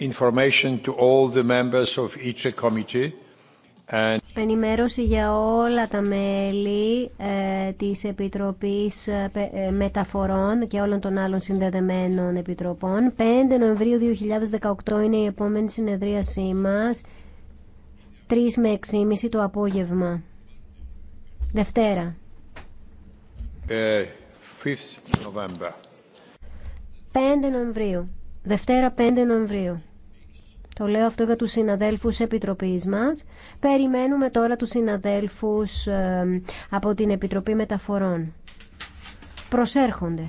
information to all the members of each committee and... Ενημέρωση για όλα τα μέλη ε, της Επιτροπής ε, ε, Μεταφορών και όλων των άλλων συνδεδεμένων επιτροπών. 5 Νοεμβρίου 2018 είναι η επόμενη συνεδρίασή μας, 3 με 6.30 το απόγευμα. Δευτέρα. 5 ε, Νοεμβρίου. Δευτέρα 5 Νοεμβρίου. Το λέω αυτό για τους συναδέλφους Επιτροπής μας. Περιμένουμε τώρα τους συναδέλφους ε, από την Επιτροπή Μεταφορών. Προσέρχονται.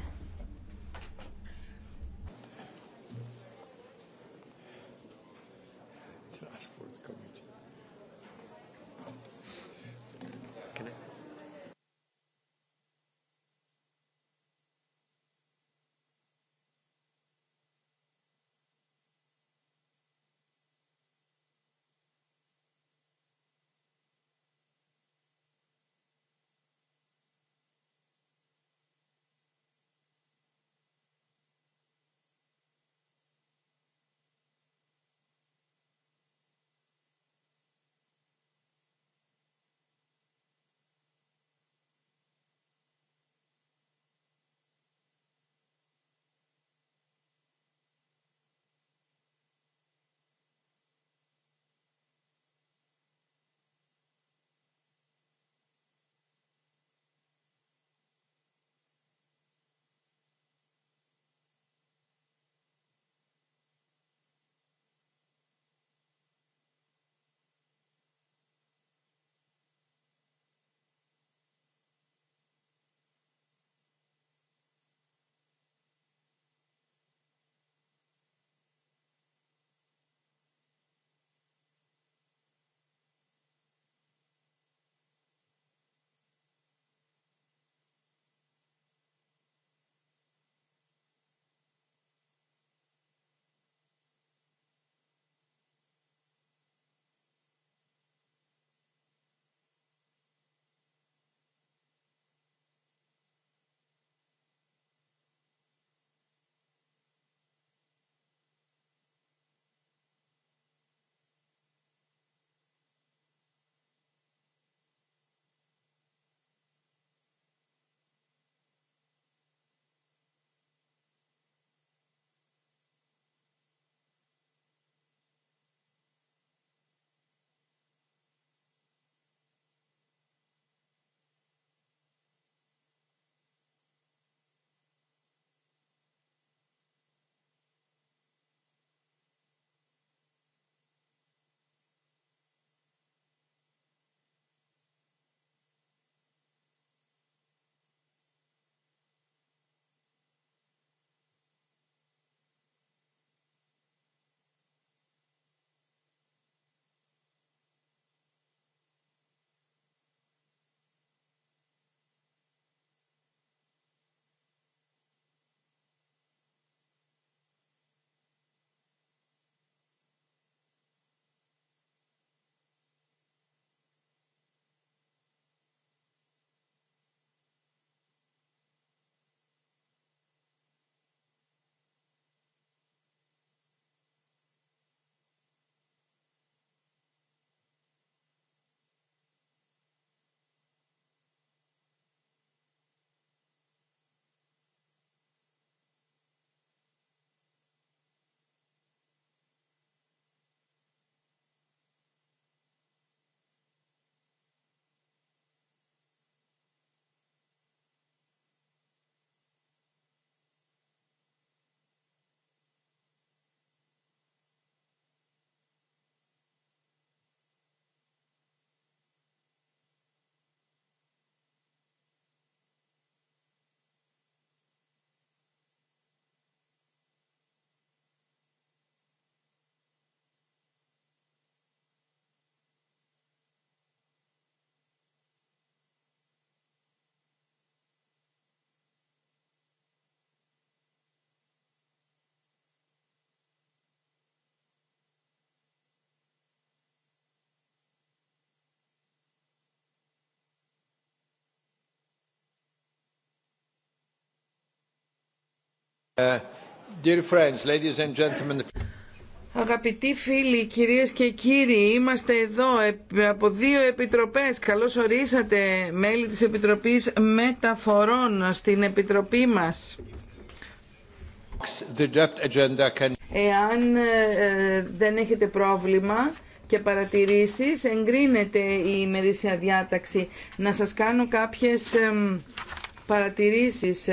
Αγαπητοί φίλοι, κυρίες και κύριοι, είμαστε εδώ από δύο επιτροπές. Καλώς ορίσατε μέλη της Επιτροπής Μεταφορών στην Επιτροπή μας. Εάν ε, δεν έχετε πρόβλημα και παρατηρήσεις, εγκρίνεται η ημερήσια διάταξη. Να σας κάνω κάποιες παρατηρήσεις.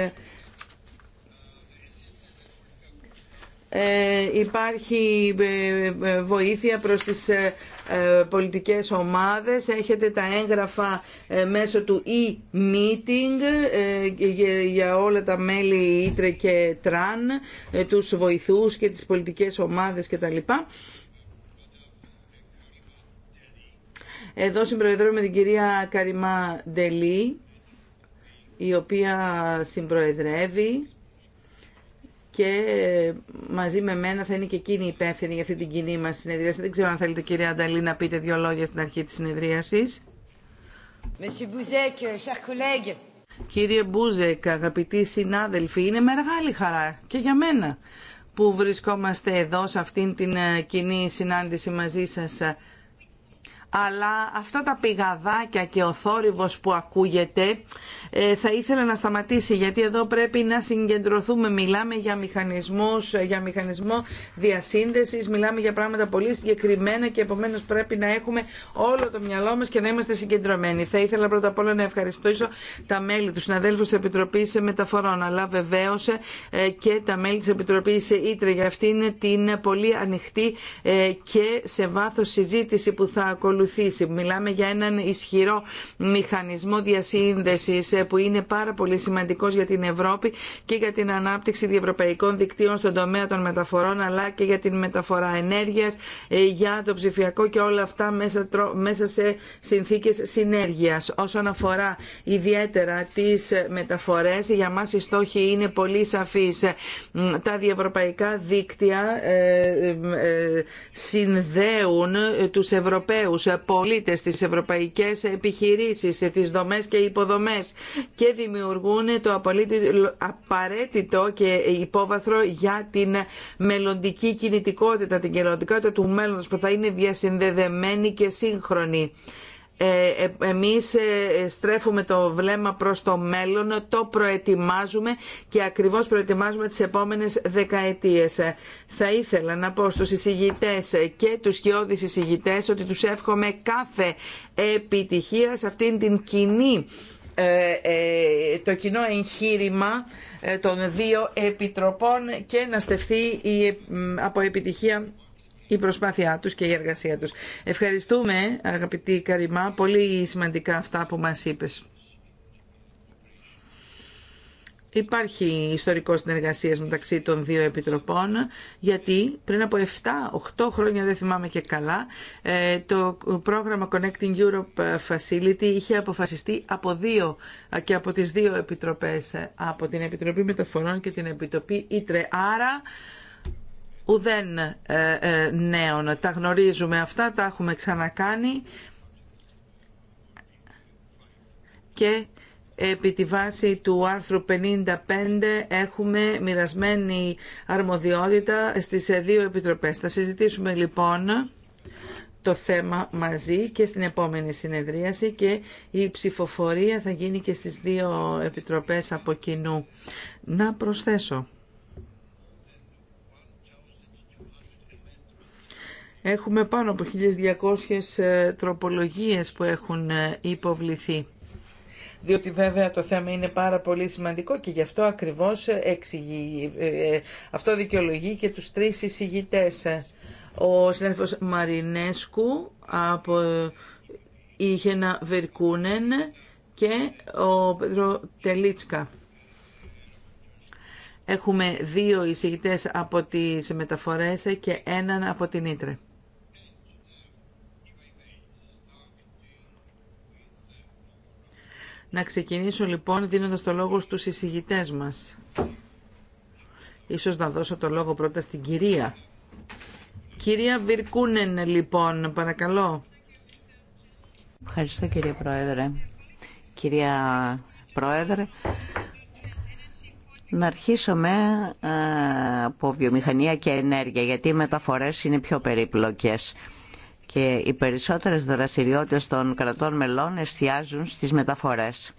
Ε, υπάρχει ε, ε, βοήθεια προς τις πολιτικές ομάδες. Έχετε τα έγγραφα μέσω του e-meeting για όλα τα μέλη Ήτρε και Τραν, τους βοηθούς και τις πολιτικές ομάδες κτλ. Εδώ συμπροεδρεύουμε την κυρία Καριμά Ντελή, η οποία συμπροεδρεύει και μαζί με μένα θα είναι και εκείνη υπεύθυνη για αυτή την κοινή μας συνεδρίαση. Δεν ξέρω αν θέλετε κυρία Ανταλή να πείτε δύο λόγια στην αρχή της συνεδρίασης. Κύριε Μπούζεκ, αγαπητοί συνάδελφοι, είναι μεγάλη χαρά και για μένα που βρισκόμαστε εδώ σε αυτήν την ε, κοινή συνάντηση μαζί σας. Αλλά αυτά τα πηγαδάκια και ο θόρυβος που ακούγεται ε, θα ήθελα να σταματήσει γιατί εδώ πρέπει να συγκεντρωθούμε. Μιλάμε για μηχανισμούς, για μηχανισμό διασύνδεσης, μιλάμε για πράγματα πολύ συγκεκριμένα και επομένως πρέπει να έχουμε όλο το μυαλό μας και να είμαστε συγκεντρωμένοι. Θα ήθελα πρώτα απ' όλα να ευχαριστήσω τα μέλη του συναδέλφου της Επιτροπής Μεταφορών, αλλά βεβαίω ε, και τα μέλη της Επιτροπής Ήτρε για αυτήν την πολύ ανοιχτή ε, και σε βάθος συζήτηση που θα ακολουθήσει. Μιλάμε για έναν ισχυρό μηχανισμό διασύνδεσης που είναι πάρα πολύ σημαντικός για την Ευρώπη και για την ανάπτυξη διευρωπαϊκών δικτύων στον τομέα των μεταφορών αλλά και για την μεταφορά ενέργεια ε, για το ψηφιακό και όλα αυτά μέσα, μέσα σε συνθήκες συνέργεια. Όσον αφορά ιδιαίτερα τις μεταφορές, για μα οι στόχοι είναι πολύ σαφεί. Τα διευρωπαϊκά δίκτυα ε, ε, συνδέουν τους Ευρωπαίους πολίτες, τι ευρωπαϊκές επιχειρήσεις, τι δομές και υποδομές και δημιουργούν το απαραίτητο και υπόβαθρο για την μελλοντική κινητικότητα, την κοινωνικότητα του μέλλοντος που θα είναι διασυνδεδεμένη και σύγχρονη. Ε, ε εμείς ε, στρέφουμε το βλέμμα προς το μέλλον, το προετοιμάζουμε και ακριβώς προετοιμάζουμε τις επόμενες δεκαετίες. Θα ήθελα να πω στους εισηγητές και τους σκιώδεις εισηγητές ότι τους εύχομαι κάθε επιτυχία σε αυτήν την κοινή ε, ε, το κοινό εγχείρημα ε, των δύο επιτροπών και να στεφθεί η, από επιτυχία η προσπάθειά τους και η εργασία τους. Ευχαριστούμε αγαπητή Καριμά, πολύ σημαντικά αυτά που μας είπες. Υπάρχει ιστορικό συνεργασία μεταξύ των δύο επιτροπών, γιατί πριν από 7-8 χρόνια, δεν θυμάμαι και καλά, ε, το πρόγραμμα Connecting Europe Facility είχε αποφασιστεί από δύο ε, και από τις δύο επιτροπές, ε, από την Επιτροπή Μεταφορών και την Επιτροπή Ήτρε. Άρα, ουδέν νέων. Τα γνωρίζουμε αυτά, τα έχουμε ξανακάνει και επί τη βάση του άρθρου 55 έχουμε μοιρασμένη αρμοδιότητα στις δύο επιτροπές. Θα συζητήσουμε λοιπόν το θέμα μαζί και στην επόμενη συνεδρίαση και η ψηφοφορία θα γίνει και στις δύο επιτροπές από κοινού. Να προσθέσω. Έχουμε πάνω από 1.200 ε, τροπολογίες που έχουν ε, υποβληθεί διότι βέβαια το θέμα είναι πάρα πολύ σημαντικό και γι' αυτό ακριβώς εξηγεί, ε, ε, αυτό δικαιολογεί και τους τρεις εισηγητές. Ο συνάδελφος Μαρινέσκου από είχε Βερκούνεν και ο Πέτρο Τελίτσκα. Έχουμε δύο εισηγητές από τις μεταφορές και έναν από την Ήτρε. Να ξεκινήσω λοιπόν δίνοντας το λόγο στους εισηγητές μας. Ίσως να δώσω το λόγο πρώτα στην κυρία. Κυρία Βιρκούνεν λοιπόν, παρακαλώ. Ευχαριστώ κύριε Πρόεδρε. Κυρία Πρόεδρε, να αρχίσουμε ε, από βιομηχανία και ενέργεια, γιατί οι μεταφορές είναι πιο περίπλοκες και οι περισσότερες δραστηριότητες των κρατών μελών εστιάζουν στις μεταφορές.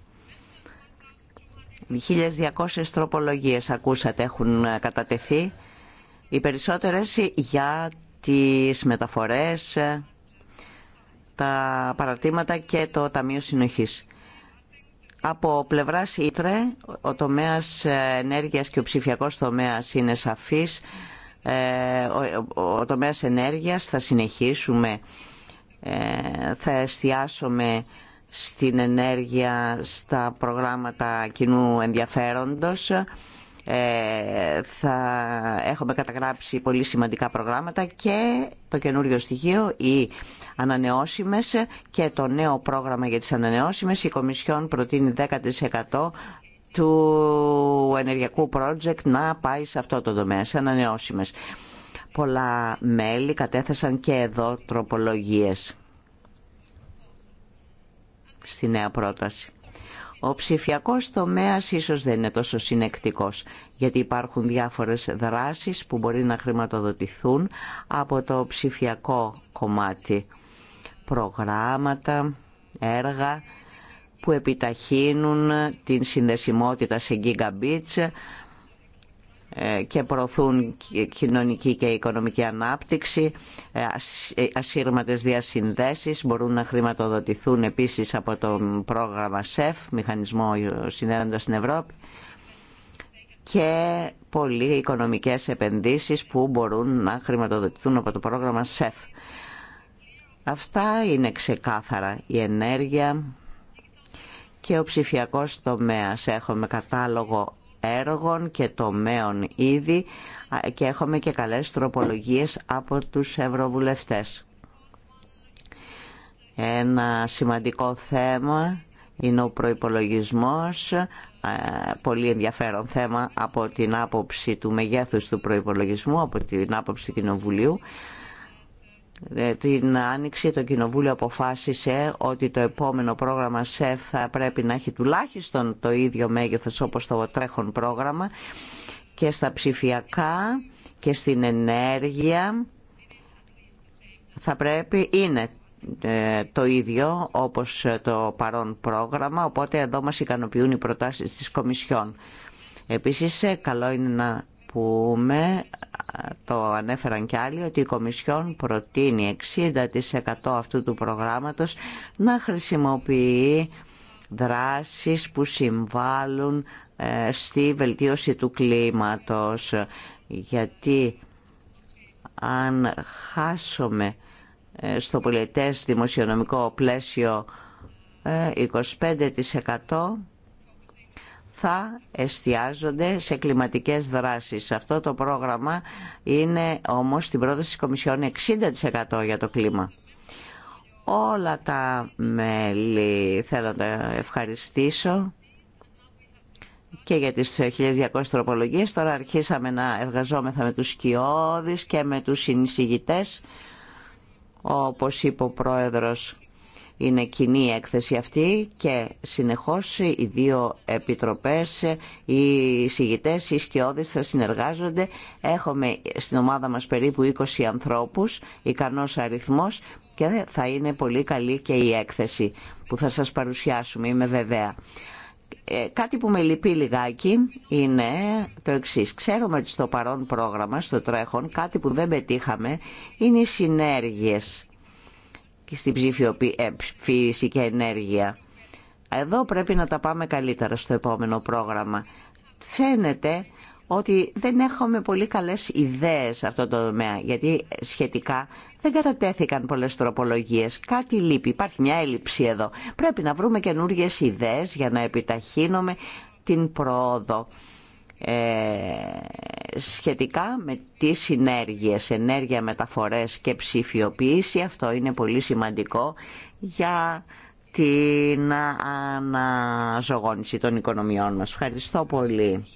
1.200 τροπολογίες ακούσατε έχουν κατατεθεί, οι περισσότερες για τις μεταφορές, τα παρατήματα και το Ταμείο Συνοχής. Από πλευράς Ήτρε, ο τομέας ενέργειας και ο ψηφιακός τομέας είναι σαφής. Ε, ο, ο τομέας ενέργειας θα συνεχίσουμε, ε, θα εστιάσουμε στην ενέργεια στα προγράμματα κοινού ενδιαφέροντος. Ε, θα έχουμε καταγράψει πολύ σημαντικά προγράμματα και το καινούριο στοιχείο, οι ανανεώσιμες και το νέο πρόγραμμα για τις ανανεώσιμες. Η Κομισιόν προτείνει 10% του ενεργειακού project να πάει σε αυτό το τομέα, σε ανανεώσιμες. Πολλά μέλη κατέθεσαν και εδώ τροπολογίες στη νέα πρόταση. Ο ψηφιακός τομέας ίσως δεν είναι τόσο συνεκτικός, γιατί υπάρχουν διάφορες δράσεις που μπορεί να χρηματοδοτηθούν από το ψηφιακό κομμάτι. Προγράμματα, έργα που επιταχύνουν την συνδεσιμότητα σε gigabits ε, και προωθούν κοινωνική και οικονομική ανάπτυξη, ε, ε, ασύρματες διασυνδέσεις, μπορούν να χρηματοδοτηθούν επίσης από το πρόγραμμα ΣΕΦ, Μηχανισμό Συνδέοντας στην Ευρώπη, και πολλοί οικονομικές επενδύσεις που μπορούν να χρηματοδοτηθούν από το πρόγραμμα ΣΕΦ. Αυτά είναι ξεκάθαρα η ενέργεια, και ο ψηφιακός τομέας. Έχουμε κατάλογο έργων και τομέων ήδη και έχουμε και καλές τροπολογίες από τους ευρωβουλευτές. Ένα σημαντικό θέμα είναι ο προϋπολογισμός, ε, πολύ ενδιαφέρον θέμα από την άποψη του μεγέθους του προϋπολογισμού, από την άποψη του Κοινοβουλίου. Ε, την Άνοιξη το Κοινοβούλιο αποφάσισε ότι το επόμενο πρόγραμμα ΣΕΦ θα πρέπει να έχει τουλάχιστον το ίδιο μέγεθος όπως το τρέχον πρόγραμμα και στα ψηφιακά και στην ενέργεια θα πρέπει, είναι ε, το ίδιο όπως το παρόν πρόγραμμα, οπότε εδώ μας ικανοποιούν οι προτάσεις της Κομισιόν. Επίσης, ε, καλό είναι να πούμε το ανέφεραν κι άλλοι, ότι η Κομισιόν προτείνει 60% αυτού του προγράμματος να χρησιμοποιεί δράσεις που συμβάλλουν ε, στη βελτίωση του κλίματος. Γιατί αν χάσουμε ε, στο πολιτές δημοσιονομικό πλαίσιο 25% ε, θα εστιάζονται σε κλιματικές δράσεις. Αυτό το πρόγραμμα είναι όμως στην πρόταση της Κομισιόν 60% για το κλίμα. Όλα τα μέλη θέλω να ευχαριστήσω και για τις 1200 τροπολογίες. Τώρα αρχίσαμε να εργαζόμεθα με τους σκιώδεις και με τους συνεισηγητές, όπως είπε ο Πρόεδρος είναι κοινή η έκθεση αυτή και συνεχώς οι δύο επιτροπές, οι συγητές, οι σκιώδες θα συνεργάζονται. Έχουμε στην ομάδα μας περίπου 20 ανθρώπους, ικανός αριθμός και θα είναι πολύ καλή και η έκθεση που θα σας παρουσιάσουμε, είμαι βεβαία. Ε, κάτι που με λυπεί λιγάκι είναι το εξή. Ξέρουμε ότι στο παρόν πρόγραμμα, στο τρέχον, κάτι που δεν πετύχαμε είναι οι συνέργειες και στην ε, και ενέργεια. Εδώ πρέπει να τα πάμε καλύτερα στο επόμενο πρόγραμμα. Φαίνεται ότι δεν έχουμε πολύ καλές ιδέες σε αυτό το τομέα, γιατί σχετικά δεν κατατέθηκαν πολλές τροπολογίες. Κάτι λείπει, υπάρχει μια έλλειψη εδώ. Πρέπει να βρούμε καινούριε ιδέες για να επιταχύνουμε την πρόοδο. Ε, σχετικά με τις συνέργειες, ενέργεια μεταφορές και ψηφιοποίηση. Αυτό είναι πολύ σημαντικό για την αναζωγόνηση των οικονομιών μας. Ευχαριστώ πολύ.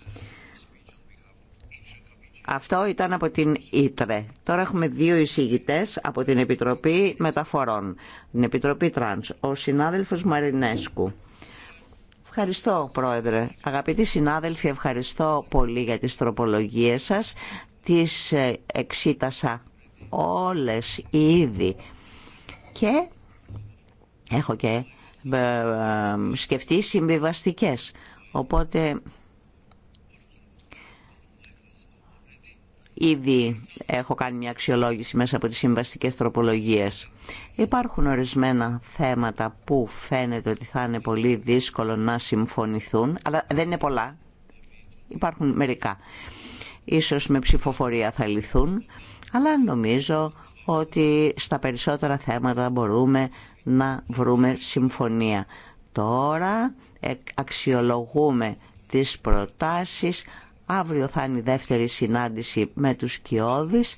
Αυτό ήταν από την Ήτρε. Τώρα έχουμε δύο εισηγητές από την Επιτροπή Μεταφορών, την Επιτροπή Τρανς, ο συνάδελφος Μαρινέσκου. Ευχαριστώ, Πρόεδρε. Αγαπητοί συνάδελφοι, ευχαριστώ πολύ για τις τροπολογίες σας. Τις ε, εξήτασα όλες ήδη και έχω και ε, ε, σκεφτεί συμβιβαστικές. Οπότε Ήδη έχω κάνει μια αξιολόγηση μέσα από τις συμβαστικές τροπολογίες. Υπάρχουν ορισμένα θέματα που φαίνεται ότι θα είναι πολύ δύσκολο να συμφωνηθούν, αλλά δεν είναι πολλά. Υπάρχουν μερικά. Ίσως με ψηφοφορία θα λυθούν, αλλά νομίζω ότι στα περισσότερα θέματα μπορούμε να βρούμε συμφωνία. Τώρα ε, αξιολογούμε τις προτάσεις Αύριο θα είναι η δεύτερη συνάντηση με τους Κιώδης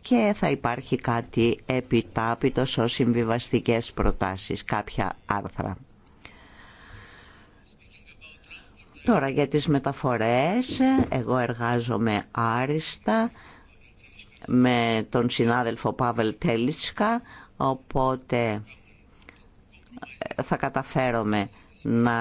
και θα υπάρχει κάτι επιτάπητος ως συμβιβαστικές προτάσεις, κάποια άρθρα. Τώρα για τις μεταφορές, εγώ εργάζομαι άριστα με τον συνάδελφο Πάβελ Τέλιτσκα, οπότε θα καταφέρομαι να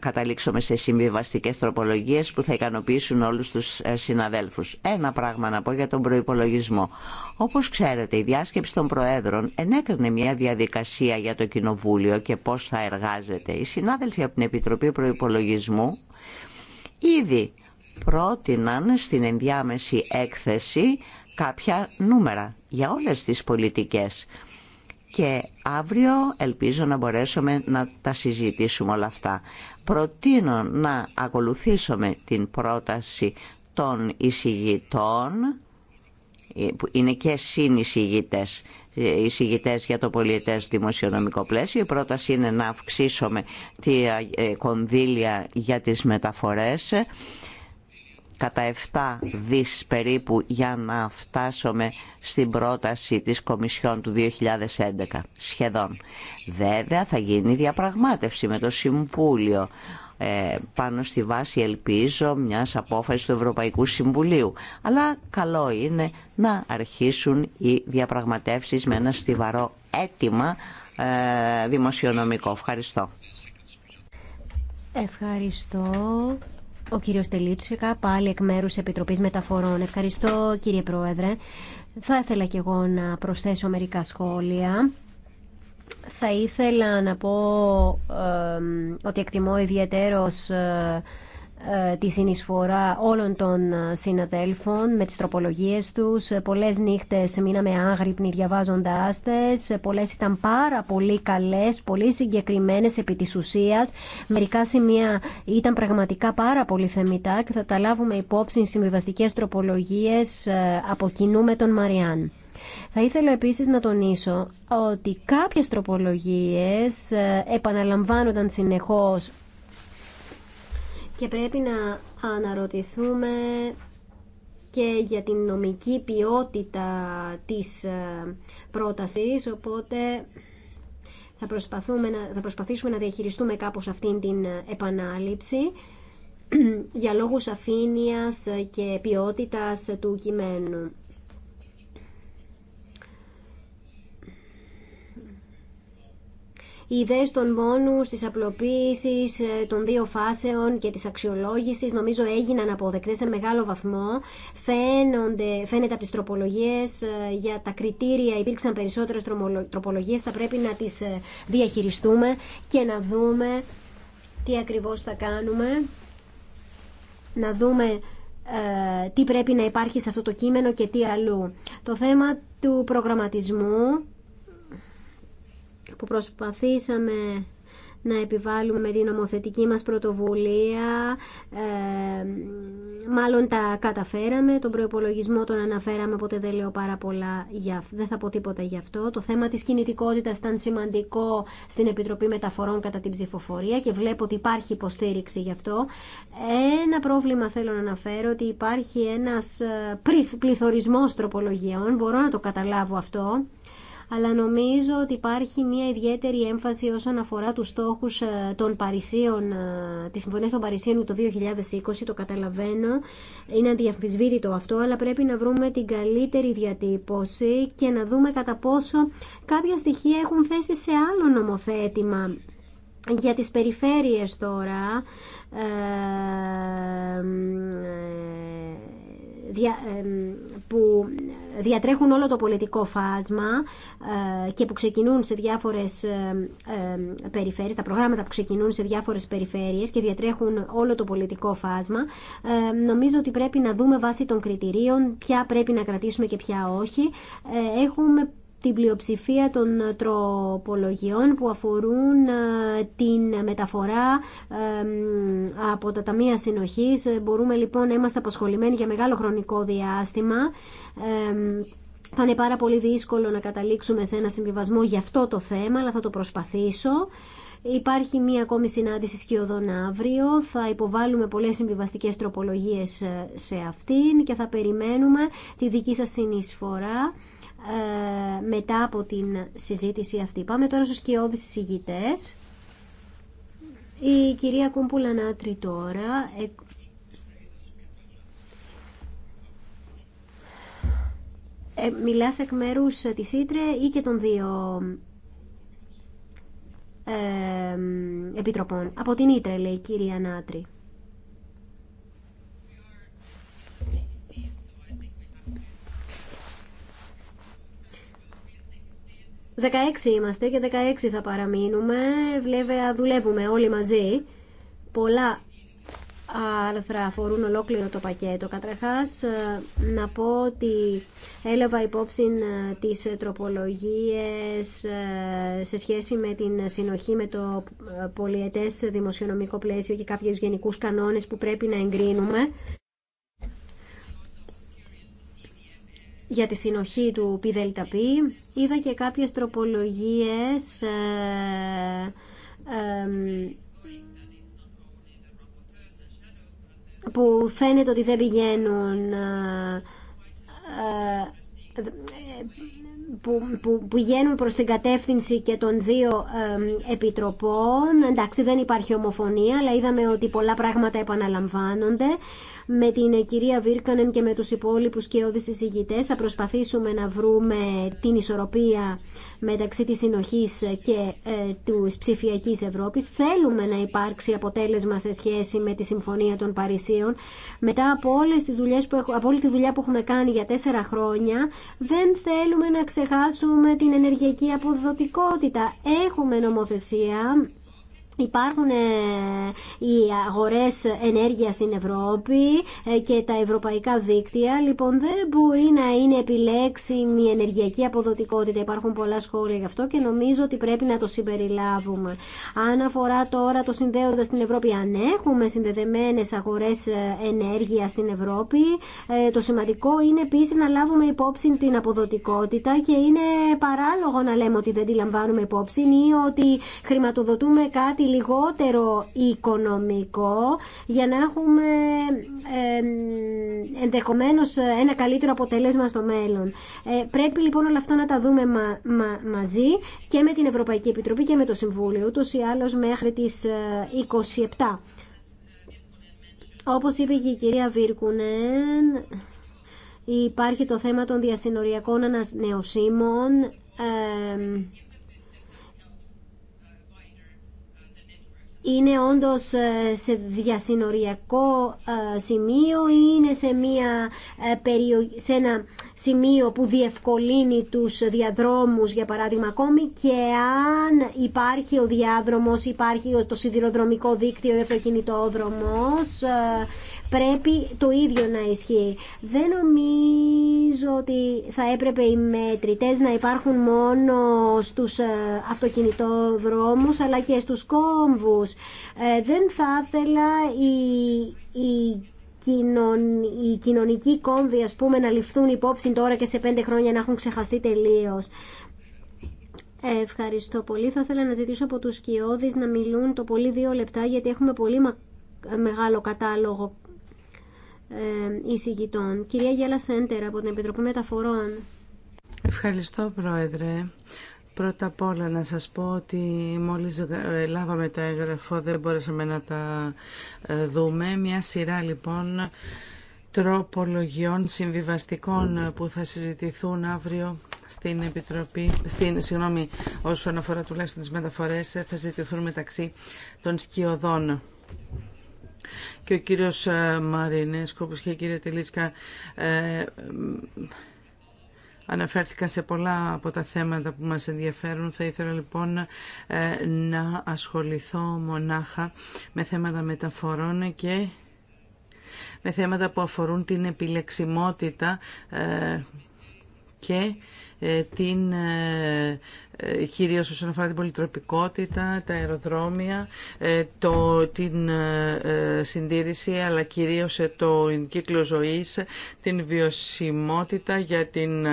καταλήξουμε σε συμβιβαστικές τροπολογίες που θα ικανοποιήσουν όλους τους ε, συναδέλφους. Ένα πράγμα να πω για τον προϋπολογισμό. Όπως ξέρετε, η διάσκεψη των Προέδρων ενέκρινε μια διαδικασία για το Κοινοβούλιο και πώς θα εργάζεται. Οι συνάδελφοι από την Επιτροπή Προϋπολογισμού ήδη πρότειναν στην ενδιάμεση έκθεση κάποια νούμερα για όλες τις πολιτικές και αύριο ελπίζω να μπορέσουμε να τα συζητήσουμε όλα αυτά. Προτείνω να ακολουθήσουμε την πρόταση των εισηγητών, που είναι και συνεισηγητές, εισηγητές για το πολιετές δημοσιονομικό πλαίσιο. Η πρόταση είναι να αυξήσουμε τη ε, κονδύλια για τις μεταφορές κατά 7 δις περίπου για να φτάσουμε στην πρόταση της Κομισιόν του 2011, σχεδόν. Βέβαια θα γίνει διαπραγμάτευση με το Συμβούλιο ε, πάνω στη βάση ελπίζω μιας απόφασης του Ευρωπαϊκού Συμβουλίου. Αλλά καλό είναι να αρχίσουν οι διαπραγματεύσεις με ένα στιβαρό αίτημα ε, δημοσιονομικό. Ευχαριστώ. Ευχαριστώ. Ο κύριος Τελίτσικα, πάλι εκ μέρους Επιτροπής Μεταφορών. Ευχαριστώ κύριε Πρόεδρε. Θα ήθελα και εγώ να προσθέσω μερικά σχόλια. Θα ήθελα να πω ε, ότι εκτιμώ ιδιαίτερος... Ε, ε, τη συνεισφορά όλων των ε, συναδέλφων με τις τροπολογίες τους. Ε, πολλές νύχτες μείναμε άγρυπνοι διαβάζοντάς τες. Πολλές ήταν πάρα πολύ καλές, πολύ συγκεκριμένες επί της ουσίας. Μερικά σημεία ήταν πραγματικά πάρα πολύ θεμητά και θα τα λάβουμε υπόψη συμβιβαστικέ τροπολογίες από κοινού με τον Μαριάν. Θα ήθελα επίσης να τονίσω ότι κάποιες τροπολογίες επαναλαμβάνονταν συνεχώς και πρέπει να αναρωτηθούμε και για την νομική ποιότητα της ε, πρότασης, οπότε θα, προσπαθούμε να, θα προσπαθήσουμε να διαχειριστούμε κάπως αυτήν την ε, επανάληψη για λόγους αφήνειας και ποιότητας του κειμένου. οι ιδέες των μόνους, της απλοποίησης ε, των δύο φάσεων και της αξιολόγησης νομίζω έγιναν αποδεκτές σε μεγάλο βαθμό. Φαίνονται, φαίνεται από τις τροπολογίες ε, για τα κριτήρια υπήρξαν περισσότερες τροπολογίες, θα πρέπει να τις ε, διαχειριστούμε και να δούμε τι ακριβώς θα κάνουμε, να δούμε τι πρέπει να υπάρχει σε αυτό το κείμενο και τι αλλού. Το θέμα του προγραμματισμού που προσπαθήσαμε να επιβάλλουμε με την νομοθετική μας πρωτοβουλία. Ε, μάλλον τα καταφέραμε, τον προϋπολογισμό τον αναφέραμε, οπότε δεν λέω πάρα πολλά, για, δεν θα πω τίποτα γι' αυτό. Το θέμα της κινητικότητας ήταν σημαντικό στην Επιτροπή Μεταφορών κατά την ψηφοφορία και βλέπω ότι υπάρχει υποστήριξη γι' αυτό. Ένα πρόβλημα θέλω να αναφέρω ότι υπάρχει ένας ε, πληθωρισμός τροπολογιών, μπορώ να το καταλάβω αυτό αλλά νομίζω ότι υπάρχει μια ιδιαίτερη έμφαση όσον αφορά τους στόχους ε, των Παρισίων, ε, της συμφωνία των Παρισίων το 2020, το καταλαβαίνω, είναι αντιαμφισβήτητο αυτό, αλλά πρέπει να βρούμε την καλύτερη διατύπωση και να δούμε κατά πόσο κάποια στοιχεία έχουν θέσει σε άλλο νομοθέτημα. Για τις περιφέρειες τώρα, ε, που διατρέχουν όλο το πολιτικό φάσμα ε, και που ξεκινούν σε διάφορες ε, ε, περιφέρειες, τα προγράμματα που ξεκινούν σε διάφορες περιφέρειες και διατρέχουν όλο το πολιτικό φάσμα, νομίζω ότι πρέπει να δούμε βάσει των κριτηρίων ποια πρέπει να κρατήσουμε και ποια όχι. Έχουμε την πλειοψηφία των ε, τροπολογιών που αφορούν ε, την μεταφορά από τα Ταμεία Συνοχής. Ε, μπορούμε λοιπόν να είμαστε απασχολημένοι για μεγάλο χρονικό διάστημα. Θα είναι πάρα πολύ δύσκολο να καταλήξουμε σε ένα συμβιβασμό για αυτό το θέμα, αλλά θα το προσπαθήσω. Υπάρχει μία ακόμη συνάντηση σκιωδών αύριο. Θα υποβάλουμε πολλές συμβιβαστικέ τροπολογίες σε αυτήν και θα περιμένουμε τη δική σας συνεισφορά ε, μετά από την συζήτηση αυτή. Πάμε τώρα στους σκιώδεις συζητητές. Η κυρία Κούμπουλα Νάτρη τώρα... Ε, ε, μιλάς εκ μέρους της Ήτρε ή και των δύο ε, επιτροπών. Από την Ήτρε λέει η κυρία Νάτρη. 16 είμαστε και 16 θα παραμείνουμε. Βλέπετε, δουλεύουμε όλοι μαζί. Πολλά άρθρα αφορούν ολόκληρο το πακέτο. Καταρχάς, ε, να πω ότι έλαβα υπόψη ε, τις ε, τροπολογίες σε σχέση με την συνοχή με το πολιετές δημοσιονομικό πλαίσιο και κάποιους γενικούς κανόνες που πρέπει να εγκρίνουμε. για τη συνοχή του ΠΔΠ. Είδα και κάποιες τροπολογίες ε, ε, που φαίνεται ότι δεν πηγαίνουν ε, που, που, πηγαίνουν προς την κατεύθυνση και των δύο επιτροπών. Εντάξει, δεν υπάρχει ομοφωνία, αλλά είδαμε ότι πολλά πράγματα επαναλαμβάνονται με την κυρία Βίρκανεν και με τους υπόλοιπους και όδης συζητητές θα προσπαθήσουμε να βρούμε την ισορροπία μεταξύ της συνοχής και ε, του ψηφιακής Ευρώπης. Θέλουμε να υπάρξει αποτέλεσμα σε σχέση με τη Συμφωνία των Παρισίων. Μετά από, όλες τις δουλειές που έχω, από όλη τη δουλειά που έχουμε κάνει για τέσσερα χρόνια, δεν θέλουμε να ξεχάσουμε την ενεργειακή αποδοτικότητα. Έχουμε νομοθεσία Υπάρχουν ε, οι αγορές ενέργεια στην Ευρώπη ε, και τα ευρωπαϊκά δίκτυα. Λοιπόν, δεν μπορεί να είναι επιλέξιμη η ενεργειακή αποδοτικότητα. Υπάρχουν πολλά σχόλια γι' αυτό και νομίζω ότι πρέπει να το συμπεριλάβουμε. Αν αφορά τώρα το συνδέοντα στην Ευρώπη, αν έχουμε συνδεδεμένες αγορές ε, ενέργεια στην Ευρώπη, το σημαντικό είναι επίση να λάβουμε υπόψη την αποδοτικότητα και είναι παράλογο να λέμε ότι δεν τη λαμβάνουμε υπόψη ή ότι χρηματοδοτούμε κάτι λιγότερο οικονομικό για να έχουμε ενδεχομένως ένα καλύτερο αποτέλεσμα στο μέλλον. Ε, πρέπει λοιπόν όλα αυτά να τα δούμε μαζί και με την Ευρωπαϊκή Επιτροπή και με το Συμβούλιο, ούτως ή άλλως μέχρι τις 27. Ε, Όπως είπε και η κυρία Βίρκουνεν, υπάρχει το θέμα των διασυνοριακών ανανεωσίμων. είναι όντως ε, σε διασυνοριακό ε, σημείο ή είναι σε, μια, ε, σε ένα σημείο που διευκολύνει τους διαδρόμους για παράδειγμα ακόμη και αν υπάρχει ο διάδρομος, υπάρχει το σιδηροδρομικό δίκτυο ή αυτοκινητόδρομος πρέπει το ίδιο να ισχύει. Δεν νομίζω ότι θα έπρεπε οι μετρητές να υπάρχουν μόνο στους ε, αυτοκινητόδρομους αλλά και στους κόμβους. Ε, δεν θα ήθελα η οι κοινωνικοί κόμβοι ας πούμε να ληφθούν υπόψη τώρα και σε πέντε χρόνια να έχουν ξεχαστεί τελείως. Ευχαριστώ πολύ. Θα ήθελα να ζητήσω από τους κοιόδης να μιλούν το πολύ δύο λεπτά γιατί έχουμε πολύ μεγάλο κατάλογο εισηγητών. Κυρία Γέλα από την Επιτροπή Μεταφορών. Ευχαριστώ Πρόεδρε. Πρώτα απ' όλα να σας πω ότι μόλις ε, λάβαμε το έγγραφο δεν μπορέσαμε να τα ε, δούμε. Μια σειρά λοιπόν τροπολογιών συμβιβαστικών ε, που θα συζητηθούν αύριο στην Επιτροπή, στην, συγγνώμη, όσον αφορά τουλάχιστον τις μεταφορές, θα συζητηθούν μεταξύ των σκιωδών και ο κύριος ε, Μαρινέσκο, και η κυρία Τελίσκα, ε, αναφέρθηκαν σε πολλά από τα θέματα που μας ενδιαφέρουν. Θα ήθελα λοιπόν ε, να ασχοληθώ μονάχα με θέματα μεταφορών και με θέματα που αφορούν την επιλεξιμότητα και ε, την ε, κυρίως όσον αφορά την πολυτροπικότητα, τα αεροδρόμια, ε, το, την συντήρηση αλλά κυρίως το κύκλο ζωής, την βιωσιμότητα για την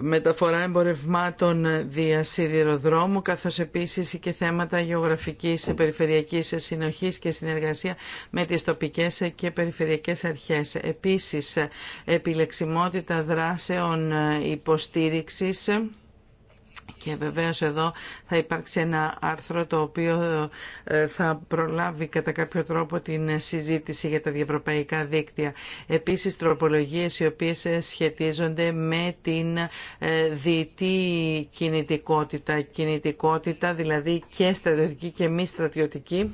μεταφορά εμπορευμάτων δια σιδηροδρόμου, καθώς επίσης και θέματα γεωγραφικής περιφερειακή συνοχή και συνεργασία με τι τοπικές και περιφερειακές αρχές. Επίσης, επιλεξιμότητα δράσεων υποστήριξης και βεβαίως εδώ θα υπάρξει ένα άρθρο το οποίο ε, θα προλάβει κατά κάποιο τρόπο την συζήτηση για τα διευρωπαϊκά δίκτυα. Επίσης τροπολογίες οι οποίες ε, σχετίζονται με την ε, διητή κινητικότητα. Κινητικότητα δηλαδή και στρατιωτική και μη στρατιωτική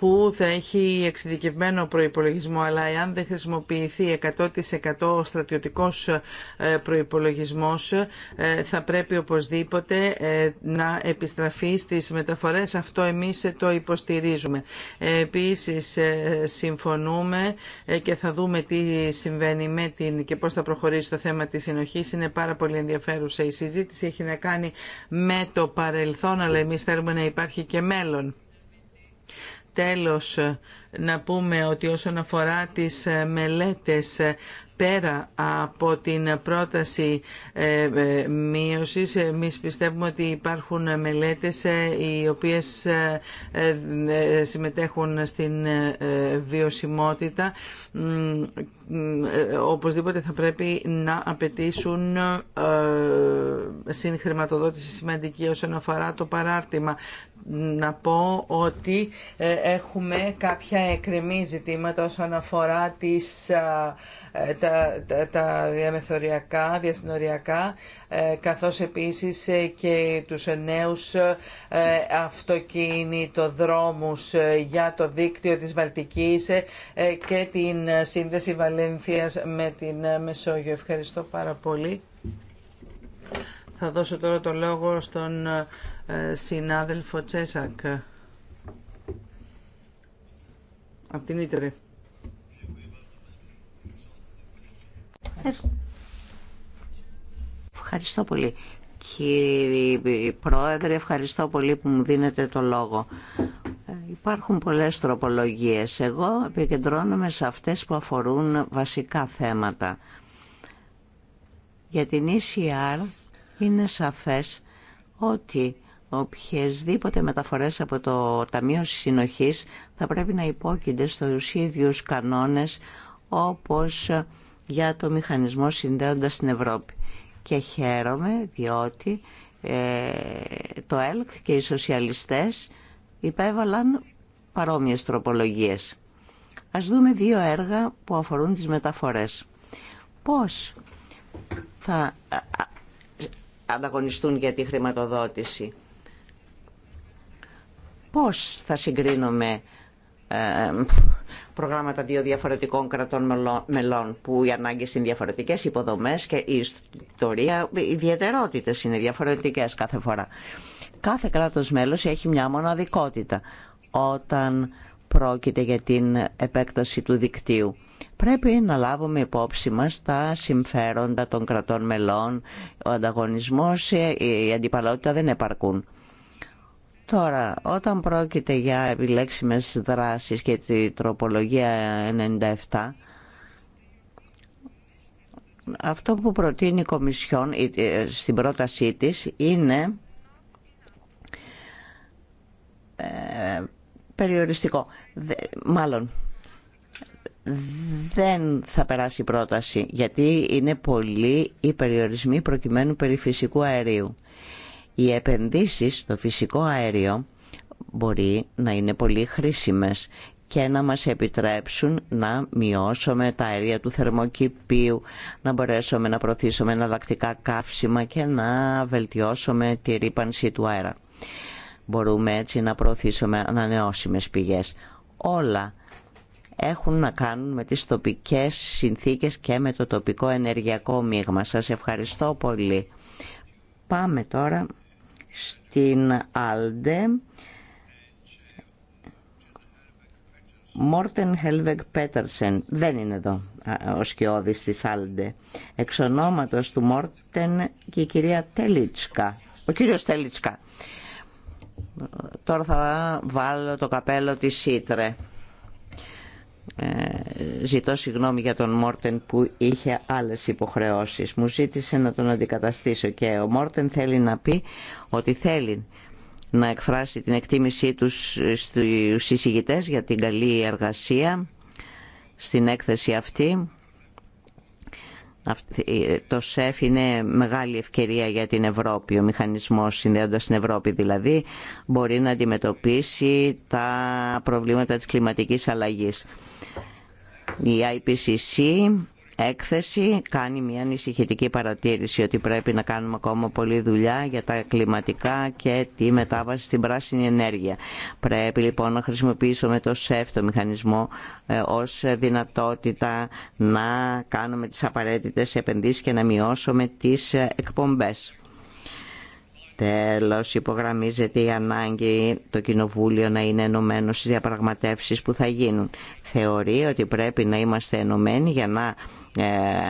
που θα έχει εξειδικευμένο προϋπολογισμό, αλλά εάν δεν χρησιμοποιηθεί 100% ο στρατιωτικός ε, προϋπολογισμός, ε, θα πρέπει οπωσδήποτε ε, να επιστραφεί στις μεταφορές. Αυτό εμείς το υποστηρίζουμε. Επίσης, συμφωνούμε και θα δούμε τι συμβαίνει με την και πώς θα προχωρήσει το θέμα της συνοχής. Είναι πάρα πολύ ενδιαφέρουσα η συζήτηση. Έχει να κάνει με το παρελθόν, αλλά εμείς θέλουμε να υπάρχει και μέλλον. Τέλος, να πούμε ότι όσον αφορά τις ε, μελέτες ε, πέρα από την πρόταση ε, μείωσης, εμείς πιστεύουμε ότι υπάρχουν μελέτες οι οποίες συμμετέχουν στην βιωσιμότητα. Οπωσδήποτε θα πρέπει να απαιτήσουν συγχρηματοδότηση σημαντική όσον αφορά το παράρτημα να πω ότι ε, έχουμε κάποια εκκρεμή ζητήματα όσον αφορά τις, ε, τα, τα, τα διαμεθοριακά, διασυνοριακά, ε, καθώς επίσης και τους νέους δρόμους για το δίκτυο της Βαλτικής και την σύνδεση Βαλένθιας με την Μεσόγειο. Ευχαριστώ πάρα πολύ. Θα δώσω τώρα το λόγο στον ε, συνάδελφο Τσέσακ από την Ήτρε. Ευχαριστώ πολύ. Κύριε Πρόεδρε, ευχαριστώ πολύ που μου δίνετε το λόγο. Ε, υπάρχουν πολλές τροπολογίες. Εγώ επικεντρώνομαι σε αυτές που αφορούν βασικά θέματα. Για την ECR είναι σαφές ότι Οποιεςδήποτε μεταφορές από το Ταμείο Συνοχής θα πρέπει να υπόκεινται στους ίδιους κανόνες όπως για το μηχανισμό συνδέοντας την Ευρώπη. Και χαίρομαι διότι ε, το ΕΛΚ και οι σοσιαλιστές υπέβαλαν παρόμοιες τροπολογίες. Ας δούμε δύο έργα που αφορούν τις μεταφορές. Πώς θα ανταγωνιστούν για τη χρηματοδότηση. Πώς θα συγκρίνουμε ε, προγράμματα δύο διαφορετικών κρατών μελών που οι ανάγκες είναι διαφορετικές, οι υποδομές και η ιστορία, οι ιδιαιτερότητες είναι διαφορετικές κάθε φορά. Κάθε κράτος μέλος έχει μια μοναδικότητα όταν πρόκειται για την επέκταση του δικτύου. Πρέπει να λάβουμε υπόψη μας τα συμφέροντα των κρατών μελών, ο ανταγωνισμός, η αντιπαλότητα δεν επαρκούν. Τώρα, όταν πρόκειται για επιλέξιμες δράσεις και τη τροπολογία 97, αυτό που προτείνει η Κομισιόν ε, στην πρότασή της είναι ε, περιοριστικό. Μάλλον, δεν θα περάσει η πρόταση, γιατί είναι πολλοί οι περιορισμοί προκειμένου περιφυσικού αερίου. Οι επενδύσεις στο φυσικό αέριο μπορεί να είναι πολύ χρήσιμες και να μας επιτρέψουν να μειώσουμε τα αέρια του θερμοκηπίου, να μπορέσουμε να προωθήσουμε εναλλακτικά καύσιμα και να βελτιώσουμε τη ρήπανση του αέρα. Μπορούμε έτσι να προωθήσουμε ανανεώσιμες πηγές. Όλα έχουν να κάνουν με τις τοπικές συνθήκες και με το τοπικό ενεργειακό μείγμα. Σας ευχαριστώ πολύ. Πάμε τώρα στην Άλντε. Μόρτεν Χέλβεκ Πέτερσεν δεν είναι εδώ ο σκιώδης της Άλντε. Εξ του Μόρτεν και η κυρία Τέλιτσκα, ο κύριος Τέλιτσκα. Τώρα θα βάλω το καπέλο της Σίτρε. Ε, ζητώ συγγνώμη για τον Μόρτεν που είχε άλλες υποχρεώσεις. Μου ζήτησε να τον αντικαταστήσω και ο Μόρτεν θέλει να πει ότι θέλει να εκφράσει την εκτίμησή του στους συζητητές για την καλή εργασία στην έκθεση αυτή ε, το ΣΕΦ είναι μεγάλη ευκαιρία για την Ευρώπη. Ο μηχανισμός συνδέοντας την Ευρώπη δηλαδή μπορεί να αντιμετωπίσει τα προβλήματα της κλιματικής αλλαγής. Η IPCC έκθεση κάνει μια ανησυχητική παρατήρηση ότι πρέπει να κάνουμε ακόμα πολλή δουλειά για τα κλιματικά και τη μετάβαση στην πράσινη ενέργεια. Πρέπει λοιπόν να χρησιμοποιήσουμε το ΣΕΦ, το μηχανισμό, ε, ως δυνατότητα να κάνουμε τις απαραίτητες επενδύσεις και να μειώσουμε τις ε, εκπομπές. Τέλος, υπογραμμίζεται η ανάγκη το Κοινοβούλιο να είναι ενωμένο στις διαπραγματεύσεις που θα γίνουν. Θεωρεί ότι πρέπει να είμαστε ενωμένοι για να ε,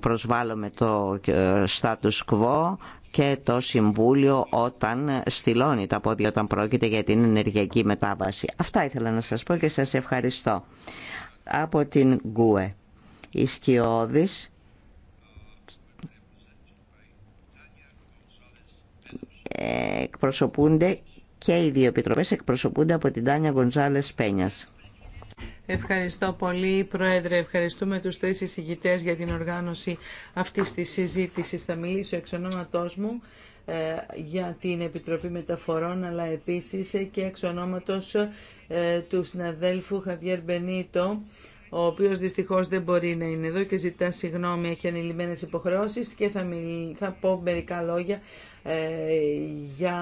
προσβάλλουμε το ε, status quo και το Συμβούλιο όταν στυλώνει τα πόδια όταν πρόκειται για την ενεργειακή μετάβαση. Αυτά ήθελα να σας πω και σας ευχαριστώ. Από την Γκουε. Η Σκιώδης εκπροσωπούνται και οι δύο επιτροπές εκπροσωπούνται από την Τάνια Γκοντζάλες Πένιας. Ευχαριστώ πολύ, Πρόεδρε. Ευχαριστούμε τους τρεις εισηγητές για την οργάνωση αυτής της συζήτησης. Θα μιλήσω εξ ονόματός μου ε, για την Επιτροπή Μεταφορών, αλλά επίσης και εξ ονόματος ε, του συναδέλφου Χαβιέρ Μπενίτο, ο οποίος δυστυχώς δεν μπορεί να είναι εδώ και ζητά συγγνώμη, έχει ανηλυμένες υποχρεώσεις και θα, θα πω μερικά λόγια ε, για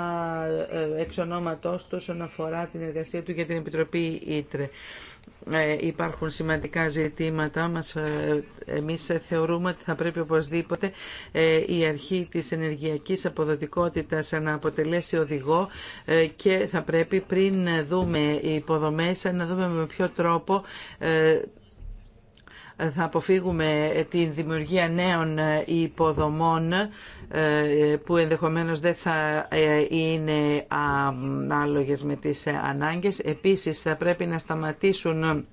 εξ ονόματός του όσον αφορά την εργασία του για την Επιτροπή Ήτρε. Ε, υπάρχουν σημαντικά ζητήματα. Μας, ε, εμείς θεωρούμε ότι θα πρέπει οπωσδήποτε ε, η αρχή της ενεργειακής αποδοτικότητας να αποτελέσει οδηγό και θα πρέπει πριν δούμε οι υποδομές να δούμε με ποιο τρόπο θα αποφύγουμε την δημιουργία νέων υποδομών ε, που ενδεχομένως δεν θα ε, είναι ανάλογες με τις ανάγκες. Επίσης θα πρέπει να σταματήσουν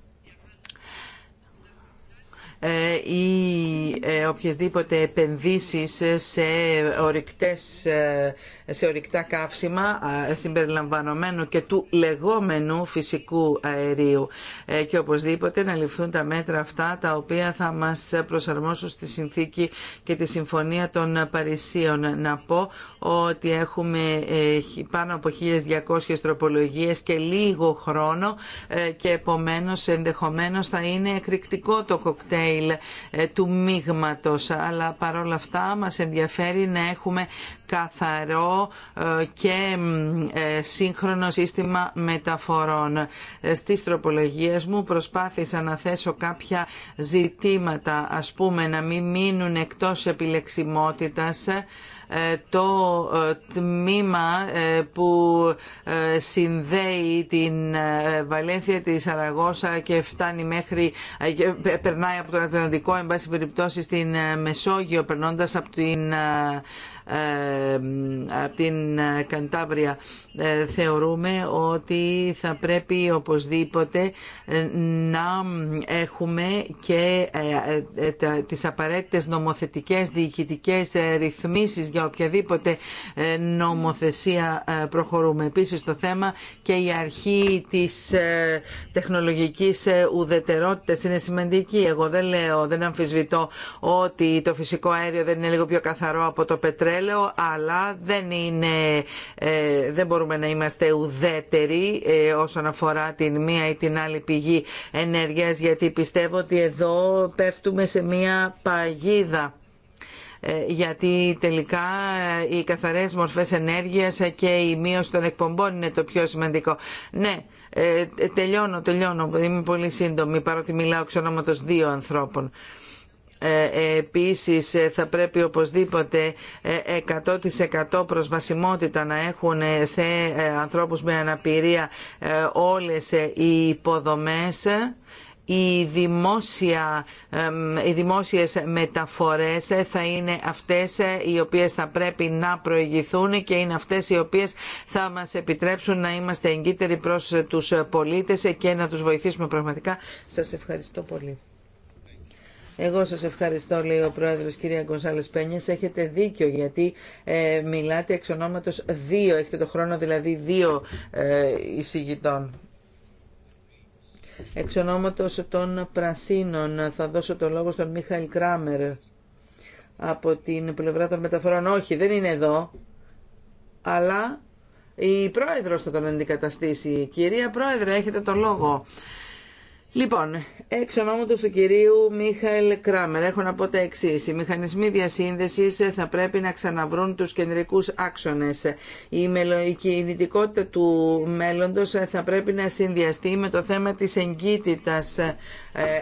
ε, ή ε, οποιασδήποτε επενδύσεις σε, ορυκτές, ε, σε ορυκτά καύσιμα συμπεριλαμβανομένου και του λεγόμενου φυσικού αερίου και οπωσδήποτε να ληφθούν τα μέτρα αυτά τα οποία θα μας προσαρμόσουν στη συνθήκη και τη συμφωνία των Παρισίων. Να πω ότι έχουμε πάνω από 1.200 τροπολογίες και λίγο χρόνο και επομένως ενδεχομένως θα είναι εκρηκτικό το κοκτέιλ ε, του μείγματος αλλά παρόλα αυτά μας ενδιαφέρει να έχουμε καθαρό ε, και ε, σύγχρονο σύστημα μεταφορών. Στις τροπολογίες μου προσπάθησα να θέσω κάποια ζητήματα ας πούμε να μην μείνουν εκτός επιλεξιμότητας ε, το ε, τμήμα ε, που συνδέει την Βαλένθια, τη Σαραγώσα και φτάνει μέχρι, περνάει από τον Ατλαντικό, εν πάση περιπτώσει στην Μεσόγειο, περνώντας από την ε, από την Καντάβρια ε, θεωρούμε ότι θα πρέπει οπωσδήποτε ε, να έχουμε και τις απαραίτητες νομοθετικές διοικητικές ρυθμίσεις για οποιαδήποτε νομοθεσία προχωρούμε. Επίσης το θέμα και η αρχή της τεχνολογικής ουδετερότητας είναι σημαντική. Εγώ δεν λέω, δεν αμφισβητώ ότι το φυσικό αέριο δεν είναι λίγο πιο καθαρό από το πετρέλαιο πετρέλαιο αλλά δεν, είναι, ε, δεν μπορούμε να είμαστε ουδέτεροι ε, όσον αφορά την μία ή την άλλη πηγή ενέργειας γιατί πιστεύω ότι εδώ πέφτουμε σε μία παγίδα ε, γιατί τελικά οι καθαρές μορφές ενέργειας και η μείωση των εκπομπών είναι το πιο σημαντικό. Ναι, τελειώνω, τελειώνω, είμαι πολύ σύντομη παρότι μιλάω εξ δύο ανθρώπων. Ε, επίσης ε, θα πρέπει οπωσδήποτε 100% ε, προσβασιμότητα να έχουν σε ανθρώπους με αναπηρία όλες οι υποδομές οι, δημόσια, οι δημόσιες μεταφορές θα είναι αυτές οι οποίες θα πρέπει να προηγηθούν και είναι αυτές οι οποίες θα μας επιτρέψουν να είμαστε εγκύτεροι προς τους πολίτες και να τους βοηθήσουμε πραγματικά. Σας ευχαριστώ πολύ. Εγώ σας ευχαριστώ, λέει ο Πρόεδρος, κυρία Γκονσάλες Πένιας. Έχετε δίκιο, γιατί ε, μιλάτε εξ ονόματος δύο, έχετε το χρόνο δηλαδή δύο ε, εισηγητών. Εξ ονόματος των Πρασίνων θα δώσω το λόγο στον Μίχαλ Κράμερ από την πλευρά των μεταφορών. Όχι, δεν είναι εδώ, αλλά η Πρόεδρος θα τον αντικαταστήσει. Κυρία Πρόεδρε, έχετε το λόγο. Λοιπόν, εξ ονόματος του κυρίου Μίχαελ Κράμερ έχω να πω τα εξή. Οι μηχανισμοί διασύνδεσης θα πρέπει να ξαναβρούν τους κεντρικούς άξονες. Η κινητικότητα του μέλλοντος θα πρέπει να συνδυαστεί με το θέμα της εγκύτητας ε,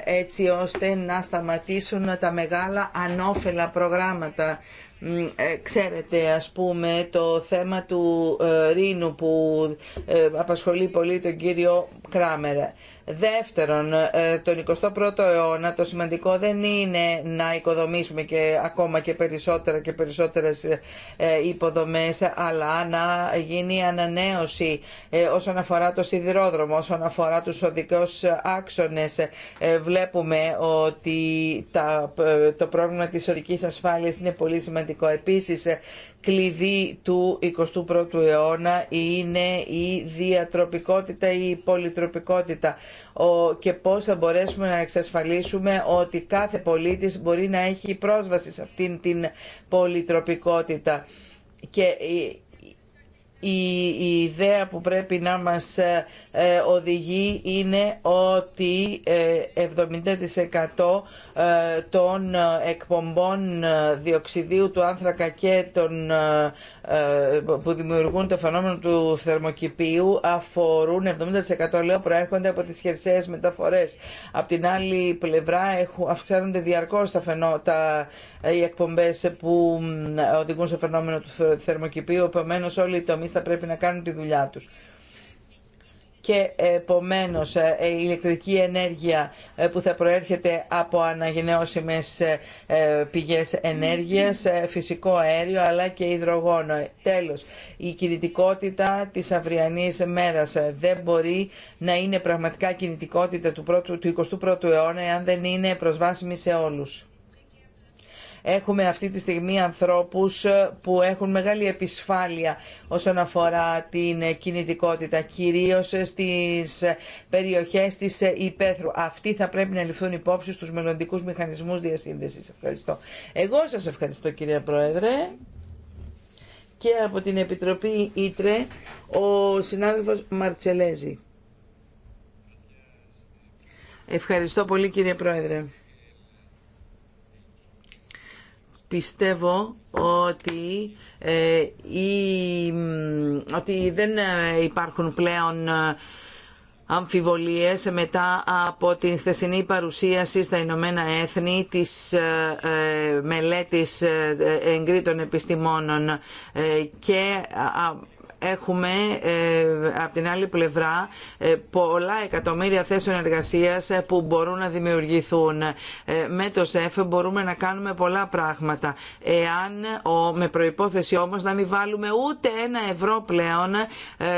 έτσι ώστε να σταματήσουν τα μεγάλα ανώφελα προγράμματα. Ε, ξέρετε, ας πούμε, το θέμα του ε, Ρήνου που απασχολεί πολύ τον κύριο Κράμερ. Δεύτερον, ε, τον 21ο αιώνα το σημαντικό δεν είναι να οικοδομήσουμε και ακόμα και περισσότερα και περισσότερες ε, ε, υποδομές, αλλά να γίνει ανανέωση όσον αφορά το σιδηρόδρομο, όσον αφορά τους οδικούς άξονες. Βλέπουμε ότι το πρόβλημα της οδικής ασφάλειας είναι πολύ σημαντικό. Επίσης, κλειδί του 21ου αιώνα είναι η διατροπικότητα ή η πολυτροπικότητα και πώς θα μπορέσουμε να εξασφαλίσουμε ότι κάθε πολίτης μπορεί να έχει πρόσβαση σε αυτήν την πολυτροπικότητα και η, ιδέα που πρέπει να μας ε, ε, οδηγεί είναι ότι 70% ε, των εκπομπών διοξιδίου του άνθρακα και των ε, που δημιουργούν το φαινόμενο του θερμοκηπίου αφορούν 70% λέω προέρχονται από τις χερσαίες μεταφορές. Απ' την άλλη πλευρά έχουν, αυξάνονται διαρκώς τα, φαινό, ε, οι εκπομπές που οδηγούν στο φαινόμενο του θερμοκηπίου, επομένω όλοι οι τομείς θα πρέπει να κάνουν τη δουλειά τους και επομένως ε, η ηλεκτρική ενέργεια ε, που θα προέρχεται από αναγενεώσιμες ε, πηγές ενέργειας, φυσικό αέριο αλλά και υδρογόνο. Τέλος, η κινητικότητα της αυριανής μέρας δεν μπορεί να είναι πραγματικά κινητικότητα του, 21ου αιώνα εάν δεν είναι προσβάσιμη σε όλους. Έχουμε αυτή τη στιγμή ανθρώπους ε, που έχουν μεγάλη επισφάλεια όσον αφορά την ε, κινητικότητα, κυρίως ε, στις περιοχές της Υπέθρου. Αυτοί θα πρέπει να ληφθούν υπόψη στους μελλοντικούς μηχανισμούς διασύνδεσης. Ευχαριστώ. Εγώ σας ευχαριστώ κύριε Πρόεδρε και από την Επιτροπή Ήτρε ο συνάδελφος Μαρτσελέζη. Ευχαριστώ πολύ κύριε Πρόεδρε. Πιστεύω ότι, ε, ότι δεν ε, υπάρχουν πλέον ε, αμφιβολίες μετά από την χθεσινή παρουσίαση στα Ηνωμένα Έθνη της ε, ε μελέτης εγκρίτων επιστημόνων και έχουμε ε, από την άλλη πλευρά ε, πολλά εκατομμύρια θέσεων εργασίας ε, που μπορούν να δημιουργηθούν. Με το ΣΕΦ μπορούμε να κάνουμε πολλά πράγματα. Εάν με προϋπόθεση όμως να μην βάλουμε ούτε ένα ευρώ πλέον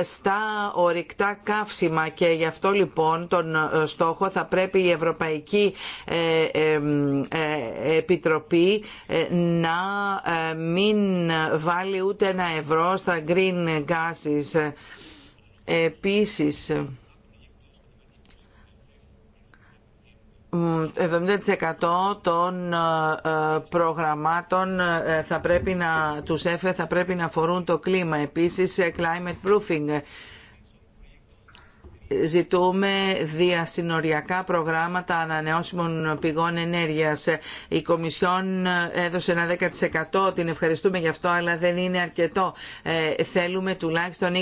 στα ορυκτά καύσιμα και γι' αυτό λοιπόν τον στόχο θα πρέπει η Ευρωπαϊκή Επιτροπή να μην βάλει ούτε ένα ευρώ στα green συστάσεις. Επίσης, 70% των ε, προγραμμάτων ε, θα πρέπει να, τους θα πρέπει να αφορούν το κλίμα. Επίσης, climate proofing ζητούμε διασυνοριακά προγράμματα ανανεώσιμων πηγών ενέργειας. Η Κομισιόν έδωσε ένα 10%, την ευχαριστούμε γι' αυτό, αλλά δεν είναι αρκετό. Ε, θέλουμε τουλάχιστον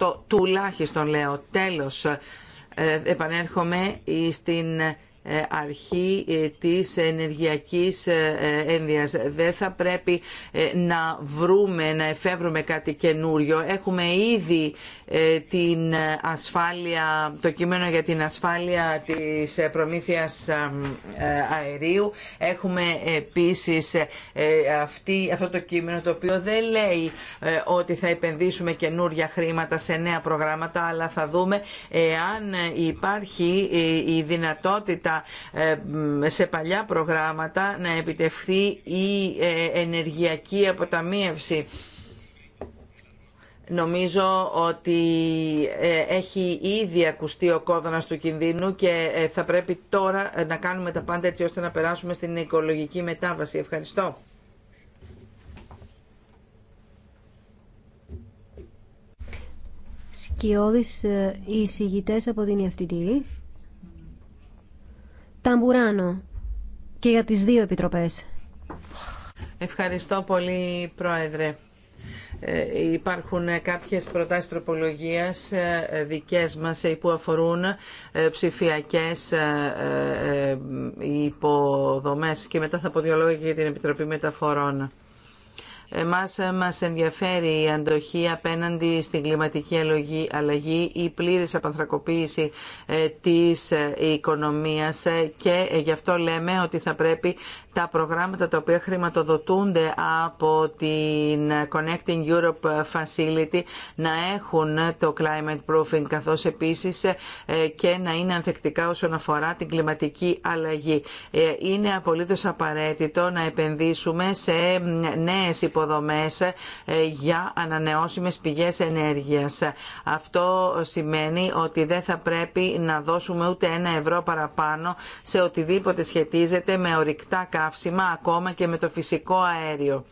20%, τουλάχιστον λέω. Τέλος, ε, επανέρχομαι στην αρχή ε, της ενεργειακής ε, ένδυας. Δεν θα πρέπει ε, να βρούμε, να εφεύρουμε κάτι καινούριο. Έχουμε ήδη την ασφάλεια, το κείμενο για την ασφάλεια της προμήθειας αερίου. Έχουμε επίσης αυτή, αυτό το κείμενο το οποίο δεν λέει ότι θα επενδύσουμε καινούρια χρήματα σε νέα προγράμματα, αλλά θα δούμε εάν υπάρχει η δυνατότητα ε, σε παλιά προγράμματα να επιτευχθεί η ε, ενεργειακή αποταμίευση. Νομίζω ότι ε, έχει ήδη ακουστεί ο κόδωνας του κινδύνου και θα πρέπει τώρα να κάνουμε τα πάντα έτσι ώστε να περάσουμε στην οικολογική μετάβαση. Ευχαριστώ. Σκιώδης εισηγητές από την EFTD. Ταμπουράνο και για τις δύο επιτροπές. Ευχαριστώ πολύ, Πρόεδρε. Ε, υπάρχουν κάποιες προτάσεις τροπολογίας ε, δικές μας ε, που αφορούν ε, ψηφιακές ε, υποδομές και μετά θα πω δύο λόγια για την Επιτροπή Μεταφορών. Εμάς μας ενδιαφέρει η αντοχή απέναντι στην κλιματική αλλαγή, η πλήρης απανθρακοποίηση ε, της ε, οικονομίας ε, και γι' αυτό λέμε ότι θα πρέπει τα προγράμματα τα οποία χρηματοδοτούνται από την Connecting Europe Facility να έχουν το climate proofing καθώς επίσης και να είναι ανθεκτικά όσον αφορά την κλιματική αλλαγή. Είναι απολύτως απαραίτητο να επενδύσουμε σε νέες υποδομές ε, για ανανεώσιμες πηγές ενέργειας. Αυτό σημαίνει ότι δεν θα πρέπει να δώσουμε ούτε ένα ευρώ παραπάνω σε οτιδήποτε σχετίζεται με ορυκτά καύσιμα, ακόμα και με το φυσικό αέριο.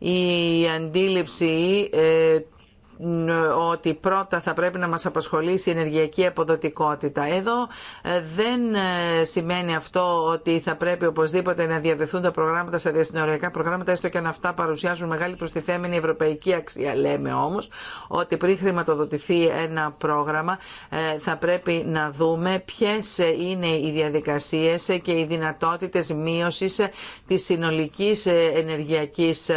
Η αντίληψη ε, ότι πρώτα θα πρέπει να μας απασχολήσει η ενεργειακή αποδοτικότητα. Εδώ ε, δεν ε, σημαίνει αυτό ότι θα πρέπει οπωσδήποτε να διαδεθούν τα προγράμματα σε διασυνοριακά προγράμματα, έστω και αν αυτά παρουσιάζουν μεγάλη προστιθέμενη ευρωπαϊκή αξία. Λέμε όμως ότι πριν χρηματοδοτηθεί ένα πρόγραμμα ε, θα πρέπει να δούμε ποιες είναι οι διαδικασίες και οι δυνατότητες μείωσης της συνολικής ενεργειακής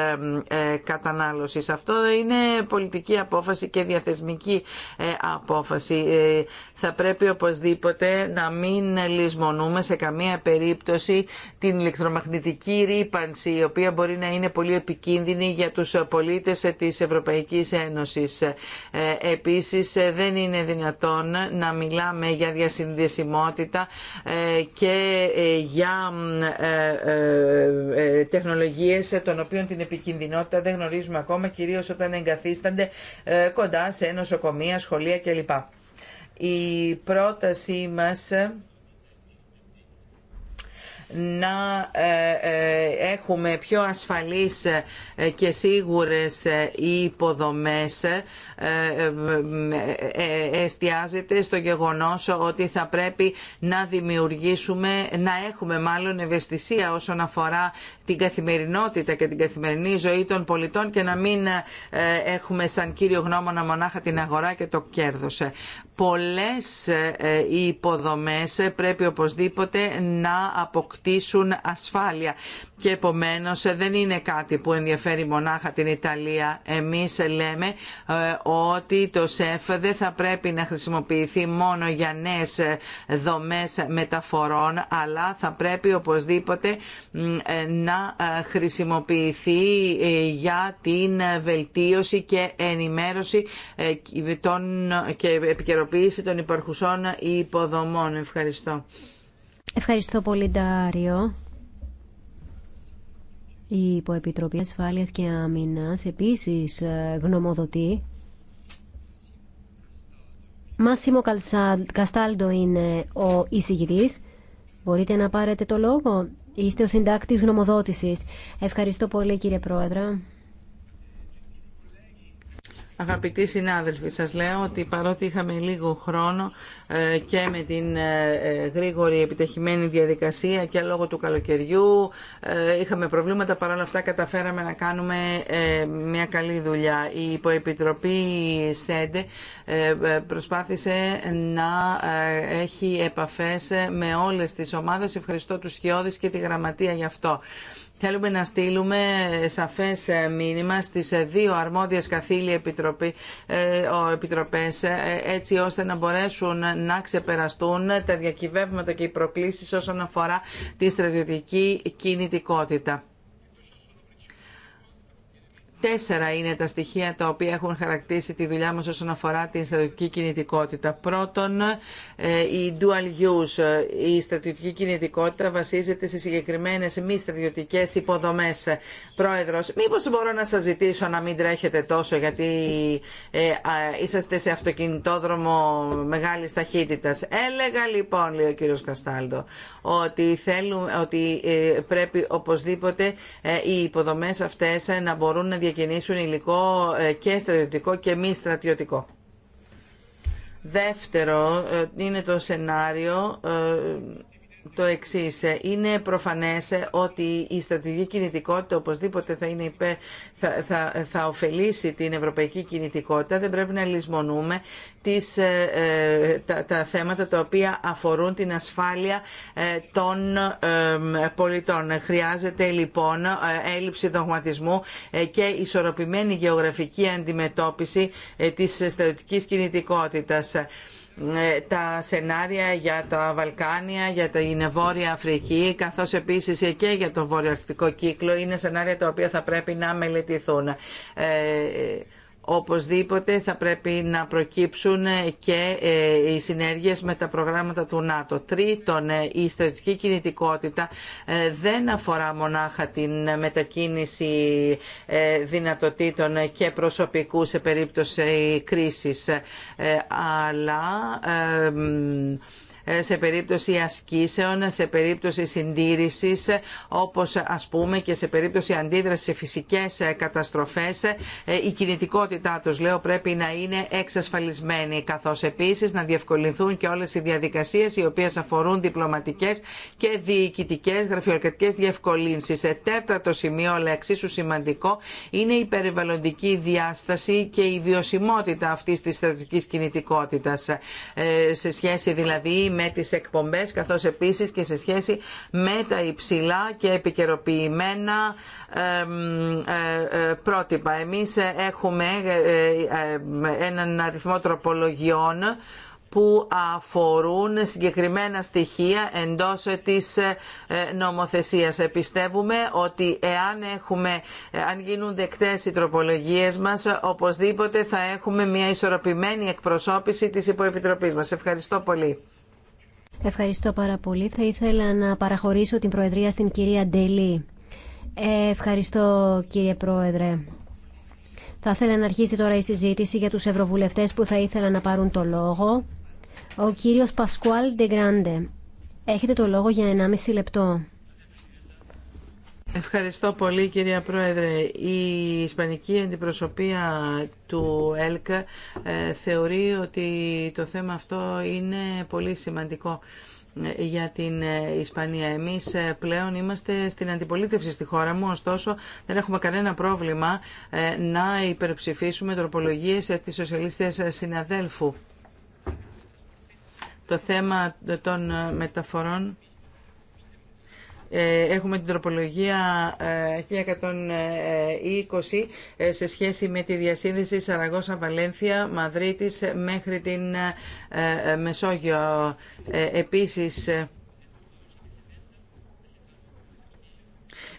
κατανάλωσης. Αυτό είναι πολιτική απόφαση και διαθεσμική ε, απόφαση. Ε, θα πρέπει οπωσδήποτε να μην λησμονούμε σε καμία περίπτωση την ηλεκτρομαγνητική ρήπανση η οποία μπορεί να είναι πολύ επικίνδυνη για τους πολίτες της Ευρωπαϊκής Ένωσης. Ε, επίσης δεν είναι δυνατόν να μιλάμε για διασυνδεσιμότητα και για τεχνολογίες των οποίων την επικίνδυνοτητα δεν γνωρίζουμε ακόμα κυρίως όταν εγκαθίστανται ε, κοντά σε νοσοκομεία, σχολεία κλπ. Η πρότασή μας να ε, ε, έχουμε πιο ασφαλείς ε, και σίγουρες υποδομές εστιάζεται στο γεγονός ότι θα πρέπει να δημιουργήσουμε, να έχουμε μάλλον ευαισθησία όσον αφορά την καθημερινότητα και την καθημερινή ζωή των πολιτών και να μην έχουμε σαν κύριο γνώμονα μονάχα την αγορά και το κέρδος πολλές ε, ε, οι υποδομές πρέπει οπωσδήποτε να αποκτήσουν ασφάλεια και επομένως ε, δεν είναι κάτι που ενδιαφέρει μονάχα την Ιταλία. Εμείς ε, λέμε ε, ότι το ΣΕΦ δεν θα πρέπει να χρησιμοποιηθεί μόνο για νέες δομές μεταφορών αλλά θα πρέπει οπωσδήποτε να χρησιμοποιηθεί για την βελτίωση και ενημέρωση των και επικαιροποίηση των υπαρχουσών υποδομών. Ευχαριστώ. Ευχαριστώ πολύ Ντάριο. Η Υποεπιτροπή Ασφάλειας και Άμυνας επίσης ε, γνωμοδοτεί. Μάσιμο Καστάλντο είναι ο εισηγητής. Μπορείτε να πάρετε το λόγο. Είστε ο συντάκτης γνωμοδότησης. Ευχαριστώ πολύ κύριε Πρόεδρε. Αγαπητοί συνάδελφοι, σας λέω ότι παρότι είχαμε λίγο χρόνο ε, και με την ε, ε, γρήγορη επιτεχημένη διαδικασία και λόγω του καλοκαιριού είχαμε προβλήματα, παρόλα αυτά καταφέραμε να κάνουμε μια καλή δουλειά. Η υποεπιτροπή ΣΕΝΤΕ προσπάθησε να έχει επαφές με όλες τις ομάδες. Ευχαριστώ τους Χιώδης και τη Γραμματεία γι' αυτό. Θέλουμε να στείλουμε σαφές ε, μήνυμα στις ε, δύο αρμόδιες καθήλοι επιτροπέ ε, επιτροπές έτσι ώστε να μπορέσουν να ξεπεραστούν τα διακυβεύματα και οι προκλήσεις όσον αφορά τη στρατιωτική κινητικότητα. Τέσσερα είναι τα στοιχεία τα οποία έχουν χαρακτήσει τη δουλειά μας όσον αφορά την στρατιωτική κινητικότητα. Πρώτον, ε, η dual use. Ε, η στρατιωτική κινητικότητα βασίζεται σε συγκεκριμένες μη στρατιωτικές υποδομές. Πρόεδρος, μήπως μπορώ να σας ζητήσω να μην τρέχετε τόσο γιατί ε, α, είσαστε σε αυτοκινητόδρομο μεγάλης ταχύτητας. Έλεγα λοιπόν, λέει ο κύριος Καστάλτο, ότι, θέλουμε, ότι ε, πρέπει οπωσδήποτε ε, οι υποδομές αυτές να μπορούν να διαχειριστούν ξεκινήσουν υλικό ε, και στρατιωτικό και μη στρατιωτικό. Δεύτερο ε, είναι το σενάριο ε, το εξή. Είναι προφανέ ότι η στρατηγική κινητικότητα οπωσδήποτε θα, είναι υπέ, θα, θα, θα ωφελήσει την ευρωπαϊκή κινητικότητα. Δεν πρέπει να λησμονούμε τις, ε, ε, τα, θέματα τα οποία αφορούν την ασφάλεια ε, των πολιτών. Χρειάζεται λοιπόν έλλειψη δογματισμού και ισορροπημένη γεωγραφική αντιμετώπιση της στρατηγικής κινητικότητας. Ε, τα σενάρια για τα Βαλκάνια, για την Βόρεια Αφρική, καθώς επίσης και για τον Βόρειο Κύκλο, είναι σενάρια τα οποία θα πρέπει να μελετηθούν. Ε, Οπωσδήποτε θα πρέπει να προκύψουν και ε, οι συνέργειες με τα προγράμματα του ΝΑΤΟ. Τρίτον, ε, η στρατιωτική κινητικότητα ε, δεν αφορά μονάχα την μετακίνηση δυνατοτήτων και προσωπικού σε περίπτωση κρίσης, αλλά ε, σε περίπτωση ασκήσεων, σε περίπτωση συντήρησης, όπως ας πούμε και σε περίπτωση αντίδρασης σε φυσικές ε, καταστροφές, ε, η κινητικότητά τους, λέω, πρέπει να είναι εξασφαλισμένη, καθώς επίσης να διευκολυνθούν και όλες οι διαδικασίες οι οποίες αφορούν διπλωματικές και διοικητικές γραφειοκρατικές διευκολύνσεις. Τέταρτο σημείο, αλλά εξίσου σημαντικό, είναι η περιβαλλοντική διάσταση και η βιωσιμότητα αυτή της στρατηγικής κινητικότητα. σε σχέση δηλαδή με τις εκπομπές καθώς επίσης και σε σχέση με τα υψηλά και επικαιροποιημένα ε, ε, πρότυπα. Εμείς έχουμε ε, έναν αριθμό τροπολογιών που αφορούν συγκεκριμένα στοιχεία εντός της νομοθεσίας. Επιστεύουμε ότι εάν, έχουμε, αν γίνουν δεκτές οι τροπολογίες μας, οπωσδήποτε θα έχουμε μια ισορροπημένη εκπροσώπηση της υποεπιτροπής μας. Ευχαριστώ πολύ. Ευχαριστώ πάρα πολύ. Θα ήθελα να παραχωρήσω την Προεδρία στην κυρία Ντελή. Ε, ευχαριστώ κύριε Πρόεδρε. Θα ήθελα να αρχίσει τώρα η συζήτηση για τους ευρωβουλευτές που θα ήθελα να πάρουν το λόγο. Ο κύριος Πασκουάλ Ντεγκράντε. Έχετε το λόγο για 1,5 λεπτό. Ευχαριστώ πολύ κυρία Πρόεδρε. Η Ισπανική Αντιπροσωπεία του ΕΛΚ ε, θεωρεί ότι το θέμα αυτό είναι πολύ σημαντικό ε, για την ε, Ισπανία. Εμείς πλέον είμαστε στην αντιπολίτευση στη χώρα μου, ωστόσο δεν έχουμε κανένα πρόβλημα να υπερψηφίσουμε τροπολογίες της σοσιαλίστες συναδέλφου. Το θέμα των μεταφορών ε, έχουμε την τροπολογία 1120 ε, ε, σε σχέση με τη διασύνδεση Σαραγώσα-Βαλένθια, Μαδρίτης μέχρι την Μεσόγειο. Επίσης,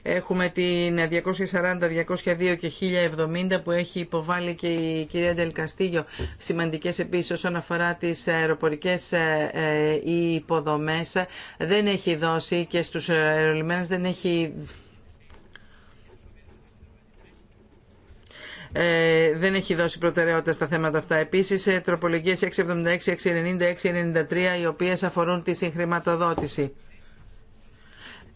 Έχουμε την 240, 202 και 1070 που έχει υποβάλει και η κυρία Ντελκαστίγιο. Σημαντικές επίσης όσον αφορά τις αεροπορικές ε, ε, υποδομές. Δεν έχει δώσει και στους αερολιμένες δεν έχει Ε, δεν έχει δώσει προτεραιότητα στα θέματα αυτά. Επίση, τροπολογίε 676, 690, 693, οι οποίε αφορούν τη συγχρηματοδότηση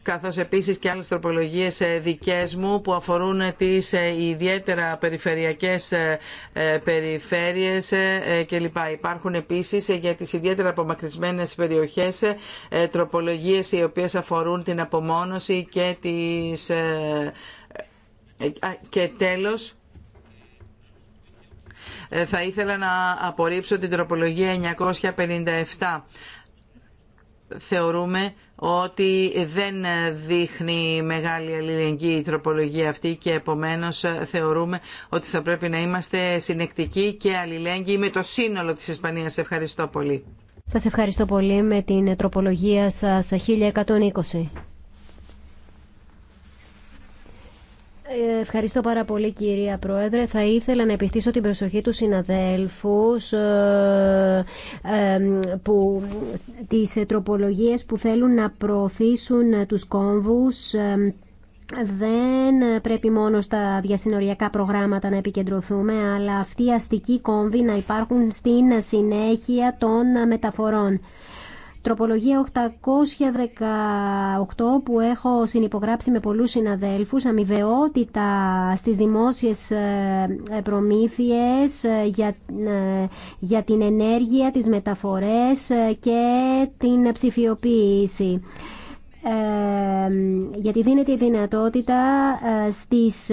καθώς επίσης και άλλες τροπολογίες ε, δικές μου που αφορούν ε, τις ε, ιδιαίτερα περιφερειακές περιφέρειες κλπ. Υπάρχουν επίσης για τις ιδιαίτερα απομακρυσμένες περιοχές τροπολογίες οι οποίες αφορούν την απομόνωση και τις... Και τέλος, θα ήθελα να απορρίψω την τροπολογία 957. Θεωρούμε ότι δεν δείχνει μεγάλη αλληλεγγύη η τροπολογία αυτή και επομένως θεωρούμε ότι θα πρέπει να είμαστε συνεκτικοί και αλληλέγγυοι με το σύνολο της Ισπανίας. Ευχαριστώ πολύ. Σας ευχαριστώ πολύ με την τροπολογία σας 1120. Ε, ευχαριστώ πάρα πολύ κυρία Πρόεδρε. Θα ήθελα να επιστήσω την προσοχή του συναδέλφους ε, ε, που, τις τροπολογίες που θέλουν να προωθήσουν τους κόμβους δεν πρέπει μόνο στα διασυνοριακά προγράμματα να επικεντρωθούμε, αλλά αυτοί οι αστικοί κόμβοι να υπάρχουν στην συνέχεια των μεταφορών. Τροπολογία 818 που έχω συνυπογράψει με πολλούς συναδέλφους, αμοιβαιότητα στις δημόσιες ε, ε, προμήθειες ε, για, για την ενέργεια, τις μεταφορές και την ψηφιοποίηση γιατί δίνεται η δυνατότητα στις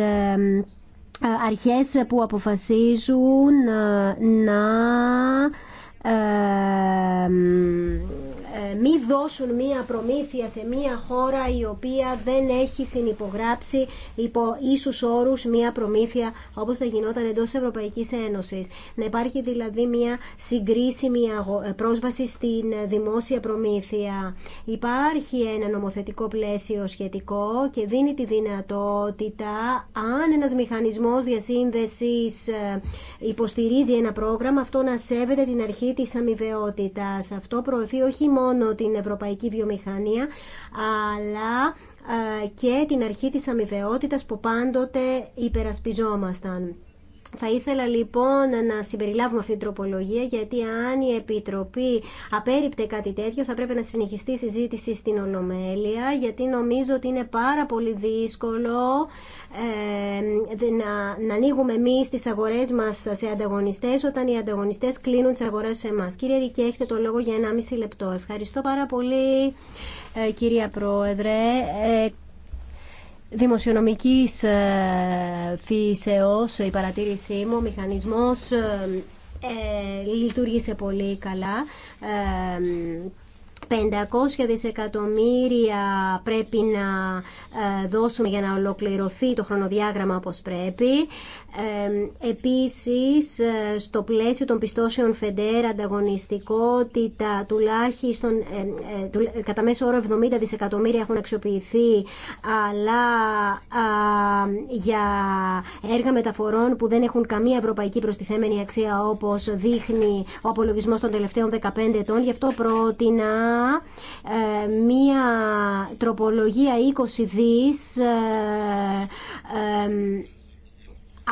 αρχές που αποφασίζουν να ε, μη δώσουν μία προμήθεια σε μία χώρα η οποία δεν έχει συνυπογράψει υπό ίσους όρους μία προμήθεια όπως θα γινόταν εντός της Ευρωπαϊκής Ένωσης. Να υπάρχει δηλαδή μία συγκρίσιμη ε, πρόσβαση στην ε, δημόσια προμήθεια. Υπάρχει ένα νομοθετικό πλαίσιο σχετικό και δίνει τη δυνατότητα αν ένας μηχανισμός διασύνδεσης υποστηρίζει ένα πρόγραμμα αυτό να σέβεται την αρχή της αμοιβαιότητας. Αυτό προωθεί όχι μόνο την ευρωπαϊκή βιομηχανία, αλλά ε, και την αρχή της αμοιβαιότητας που πάντοτε υπερασπιζόμασταν. Θα ήθελα λοιπόν να συμπεριλάβουμε αυτή την τροπολογία γιατί αν η Επιτροπή απέριπτε κάτι τέτοιο θα πρέπει να συνεχιστεί η συζήτηση στην Ολομέλεια γιατί νομίζω ότι είναι πάρα πολύ δύσκολο ε, να, να ανοίγουμε εμεί τι αγορέ μα σε ανταγωνιστέ όταν οι ανταγωνιστέ κλείνουν τι αγορέ σε εμά. Κύριε Ρικέ, έχετε το λόγο για 1,5 λεπτό. Ευχαριστώ πάρα πολύ ε, κυρία Πρόεδρε. Ε, δημοσιονομικής ε, φύσεως η παρατήρησή μου, ο μηχανισμός ε, ε, λειτουργήσε πολύ καλά 500 δισεκατομμύρια πρέπει να ε, δώσουμε για να ολοκληρωθεί το χρονοδιάγραμμα όπως πρέπει. Ε, επίσης, ε, στο πλαίσιο των πιστώσεων ΦΕΝΤΕΡ, ανταγωνιστικότητα τουλάχιστον κατά μέσο όρο 70 δισεκατομμύρια έχουν αξιοποιηθεί, αλλά για έργα μεταφορών που δεν έχουν καμία ευρωπαϊκή προστιθέμενη αξία όπως δείχνει ο απολογισμός των τελευταίων 15 ετών. Γι' αυτό πρότεινα μία τροπολογία 20 δις ε, ε,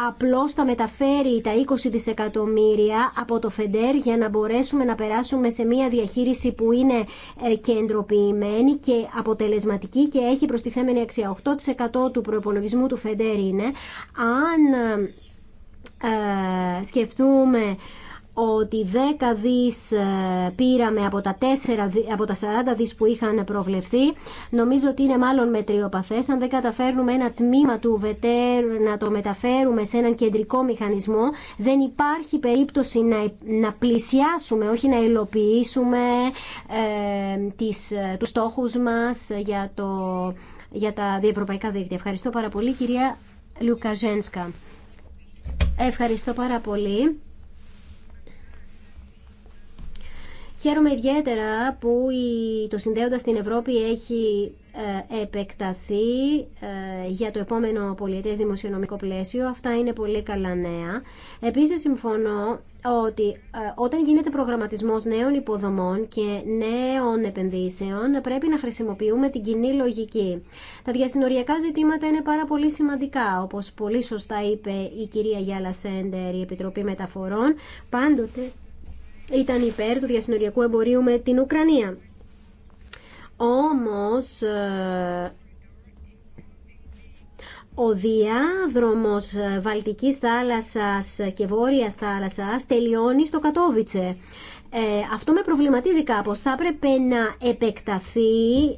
απλώς θα μεταφέρει τα 20 δισεκατομμύρια από το ΦΕΝΤΕΡ για να μπορέσουμε να περάσουμε σε μια διαχείριση που είναι ε, κεντροποιημένη και αποτελεσματική και έχει προστιθέμενη αξία. 8% του προπολογισμού του ΦΕΝΤΕΡ είναι. Αν σκεφτούμε ότι 10 δις ε, πήραμε από τα, 4, από τα 40 δις που είχαν προβλεφθεί. Νομίζω ότι είναι μάλλον μετριοπαθές. Αν δεν καταφέρνουμε ένα τμήμα του βετέρ να το μεταφέρουμε σε έναν κεντρικό μηχανισμό, δεν υπάρχει περίπτωση να, να πλησιάσουμε, όχι να υλοποιήσουμε ε, τις, ε, τους στόχους μας για, το, για τα διευρωπαϊκά δίκτυα. Ευχαριστώ πάρα πολύ κυρία Λουκαζένσκα. Ευχαριστώ πάρα πολύ. Χαίρομαι ιδιαίτερα που το συνδέοντα στην Ευρώπη έχει ε, επεκταθεί ε, για το επόμενο πολιετές δημοσιονομικό πλαίσιο. Αυτά είναι πολύ καλά νέα. Επίσης συμφωνώ ότι ε, όταν γίνεται προγραμματισμός νέων υποδομών και νέων επενδύσεων πρέπει να χρησιμοποιούμε την κοινή λογική. Τα διασυνοριακά ζητήματα είναι πάρα πολύ σημαντικά, όπως πολύ σωστά είπε η κυρία Γιάλα Σέντερ, η Επιτροπή Μεταφορών. Πάντοτε ήταν υπέρ του διασυνοριακού εμπορίου με την Ουκρανία. Όμως ε, ο διάδρομος ε, Βαλτικής θάλασσας και Βόρειας θάλασσας τελειώνει στο Κατόβιτσε. Ε, αυτό με προβληματίζει κάπως. Θα έπρεπε να επεκταθεί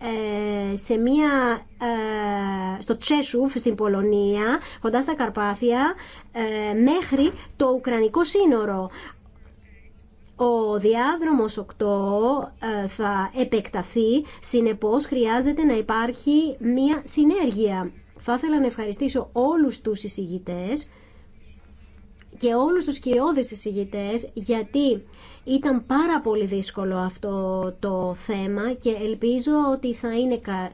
ε, σε μια, στο Τσέσουφ στην Πολωνία, κοντά στα Καρπάθια, μέχρι το Ουκρανικό σύνορο. Ο διάδρομος 8 ε, θα επεκταθεί, συνεπώς χρειάζεται να υπάρχει μία συνέργεια. Θα ήθελα να ευχαριστήσω όλους τους εισηγητές και όλους τους κυριώδεις εισηγητές γιατί ήταν πάρα πολύ δύσκολο αυτό το θέμα και ελπίζω ότι θα είναι, κα,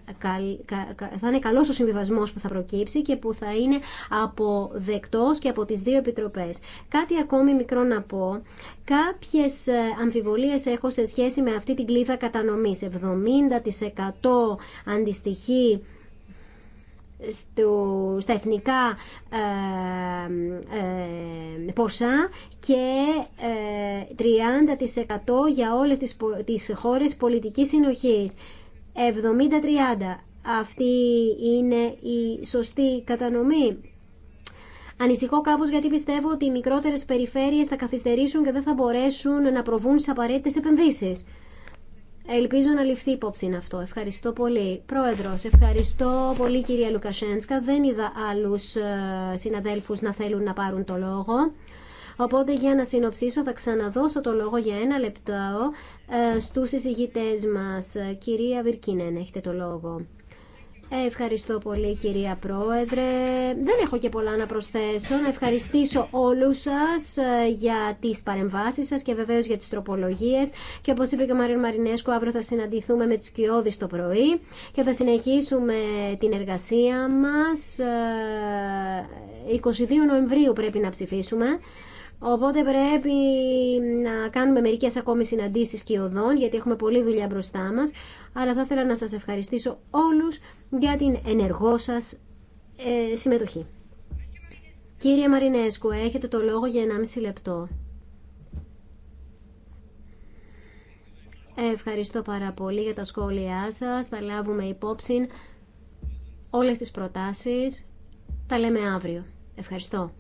θα είναι καλός ο συμβιβασμός που θα προκύψει και που θα είναι αποδεκτός και από τις δύο επιτροπές. Κάτι ακόμη μικρό να πω. Κάποιες ε, αμφιβολίες έχω σε σχέση με αυτή την κλίδα κατανομής. 70% αντιστοιχεί στα εθνικά ε, ε, ποσά και ε, 30% για όλες τις, τις χώρες πολιτικής συνοχής. 70-30. Αυτή είναι η σωστή κατανομή. Ανησυχώ κάπως γιατί πιστεύω ότι οι μικρότερες περιφέρειες θα καθυστερήσουν και δεν θα μπορέσουν να προβούν στις απαραίτητες επενδύσεις. Ελπίζω να ληφθεί υπόψη αυτό. Ευχαριστώ πολύ. Πρόεδρος, ευχαριστώ πολύ κυρία Λουκασένσκα. Δεν είδα άλλους ε, συναδέλφους να θέλουν να πάρουν το λόγο. Οπότε για να συνοψίσω θα ξαναδώσω το λόγο για ένα λεπτό ε, στους συζητητές μας. Κυρία Βυρκίνεν, έχετε το λόγο. Ε, ευχαριστώ πολύ κυρία Πρόεδρε. Δεν έχω και πολλά να προσθέσω. Να ευχαριστήσω όλους σας ε, για τις παρεμβάσεις σας και βεβαίως για τις τροπολογίες. Και όπως είπε και ο Μαρίν Μαρινέσκο, αύριο θα συναντηθούμε με τις Κιώδης το πρωί και θα συνεχίσουμε την εργασία μας. 22 ε, Νοεμβρίου πρέπει να ψηφίσουμε. Οπότε πρέπει να κάνουμε μερικές ακόμη συναντήσεις και γιατί έχουμε πολλή δουλειά μπροστά μας αλλά θα ήθελα να σας ευχαριστήσω όλους για την ενεργό σας ε, συμμετοχή. Κύριε Μαρινέσκου, έχετε το λόγο για 1,5 λεπτό. Ευχαριστώ πάρα πολύ για τα σχόλιά σας. Θα λάβουμε υπόψη όλες τις προτάσεις. Τα λέμε αύριο. Ευχαριστώ.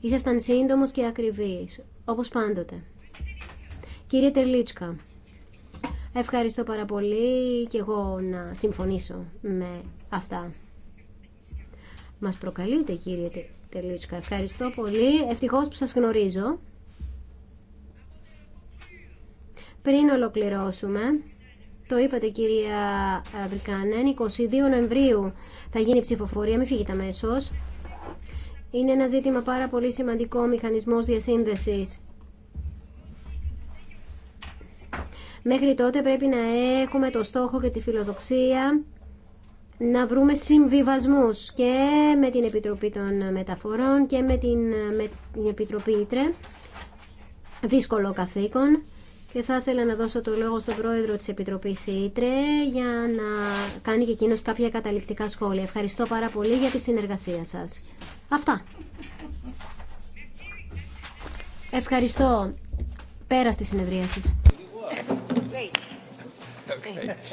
Ήσασταν σύντομος και ακριβής, όπως πάντοτε. Κύριε Τερλίτσκα, Ευχαριστώ πάρα πολύ και εγώ να συμφωνήσω με αυτά. Μας προκαλείτε κύριε Τελίτσκα. Ευχαριστώ πολύ. Ευτυχώς που σας γνωρίζω. Πριν ολοκληρώσουμε, το είπατε κυρία Βρικάνεν, 22 Νοεμβρίου θα γίνει ψηφοφορία, μην φύγετε αμέσω. Είναι ένα ζήτημα πάρα πολύ σημαντικό, ο μηχανισμός διασύνδεσης Μέχρι τότε πρέπει να έχουμε το στόχο και τη φιλοδοξία να βρούμε συμβιβασμούς και με την Επιτροπή των Μεταφορών και με την, με την Επιτροπή Ήτρε. Δύσκολο καθήκον. Και θα ήθελα να δώσω το λόγο στον πρόεδρο της Επιτροπής Ήτρε για να κάνει και εκείνος κάποια καταληκτικά σχόλια. Ευχαριστώ πάρα πολύ για τη συνεργασία σας. Αυτά. Ευχαριστώ. Πέρα στη σας. Great. Okay.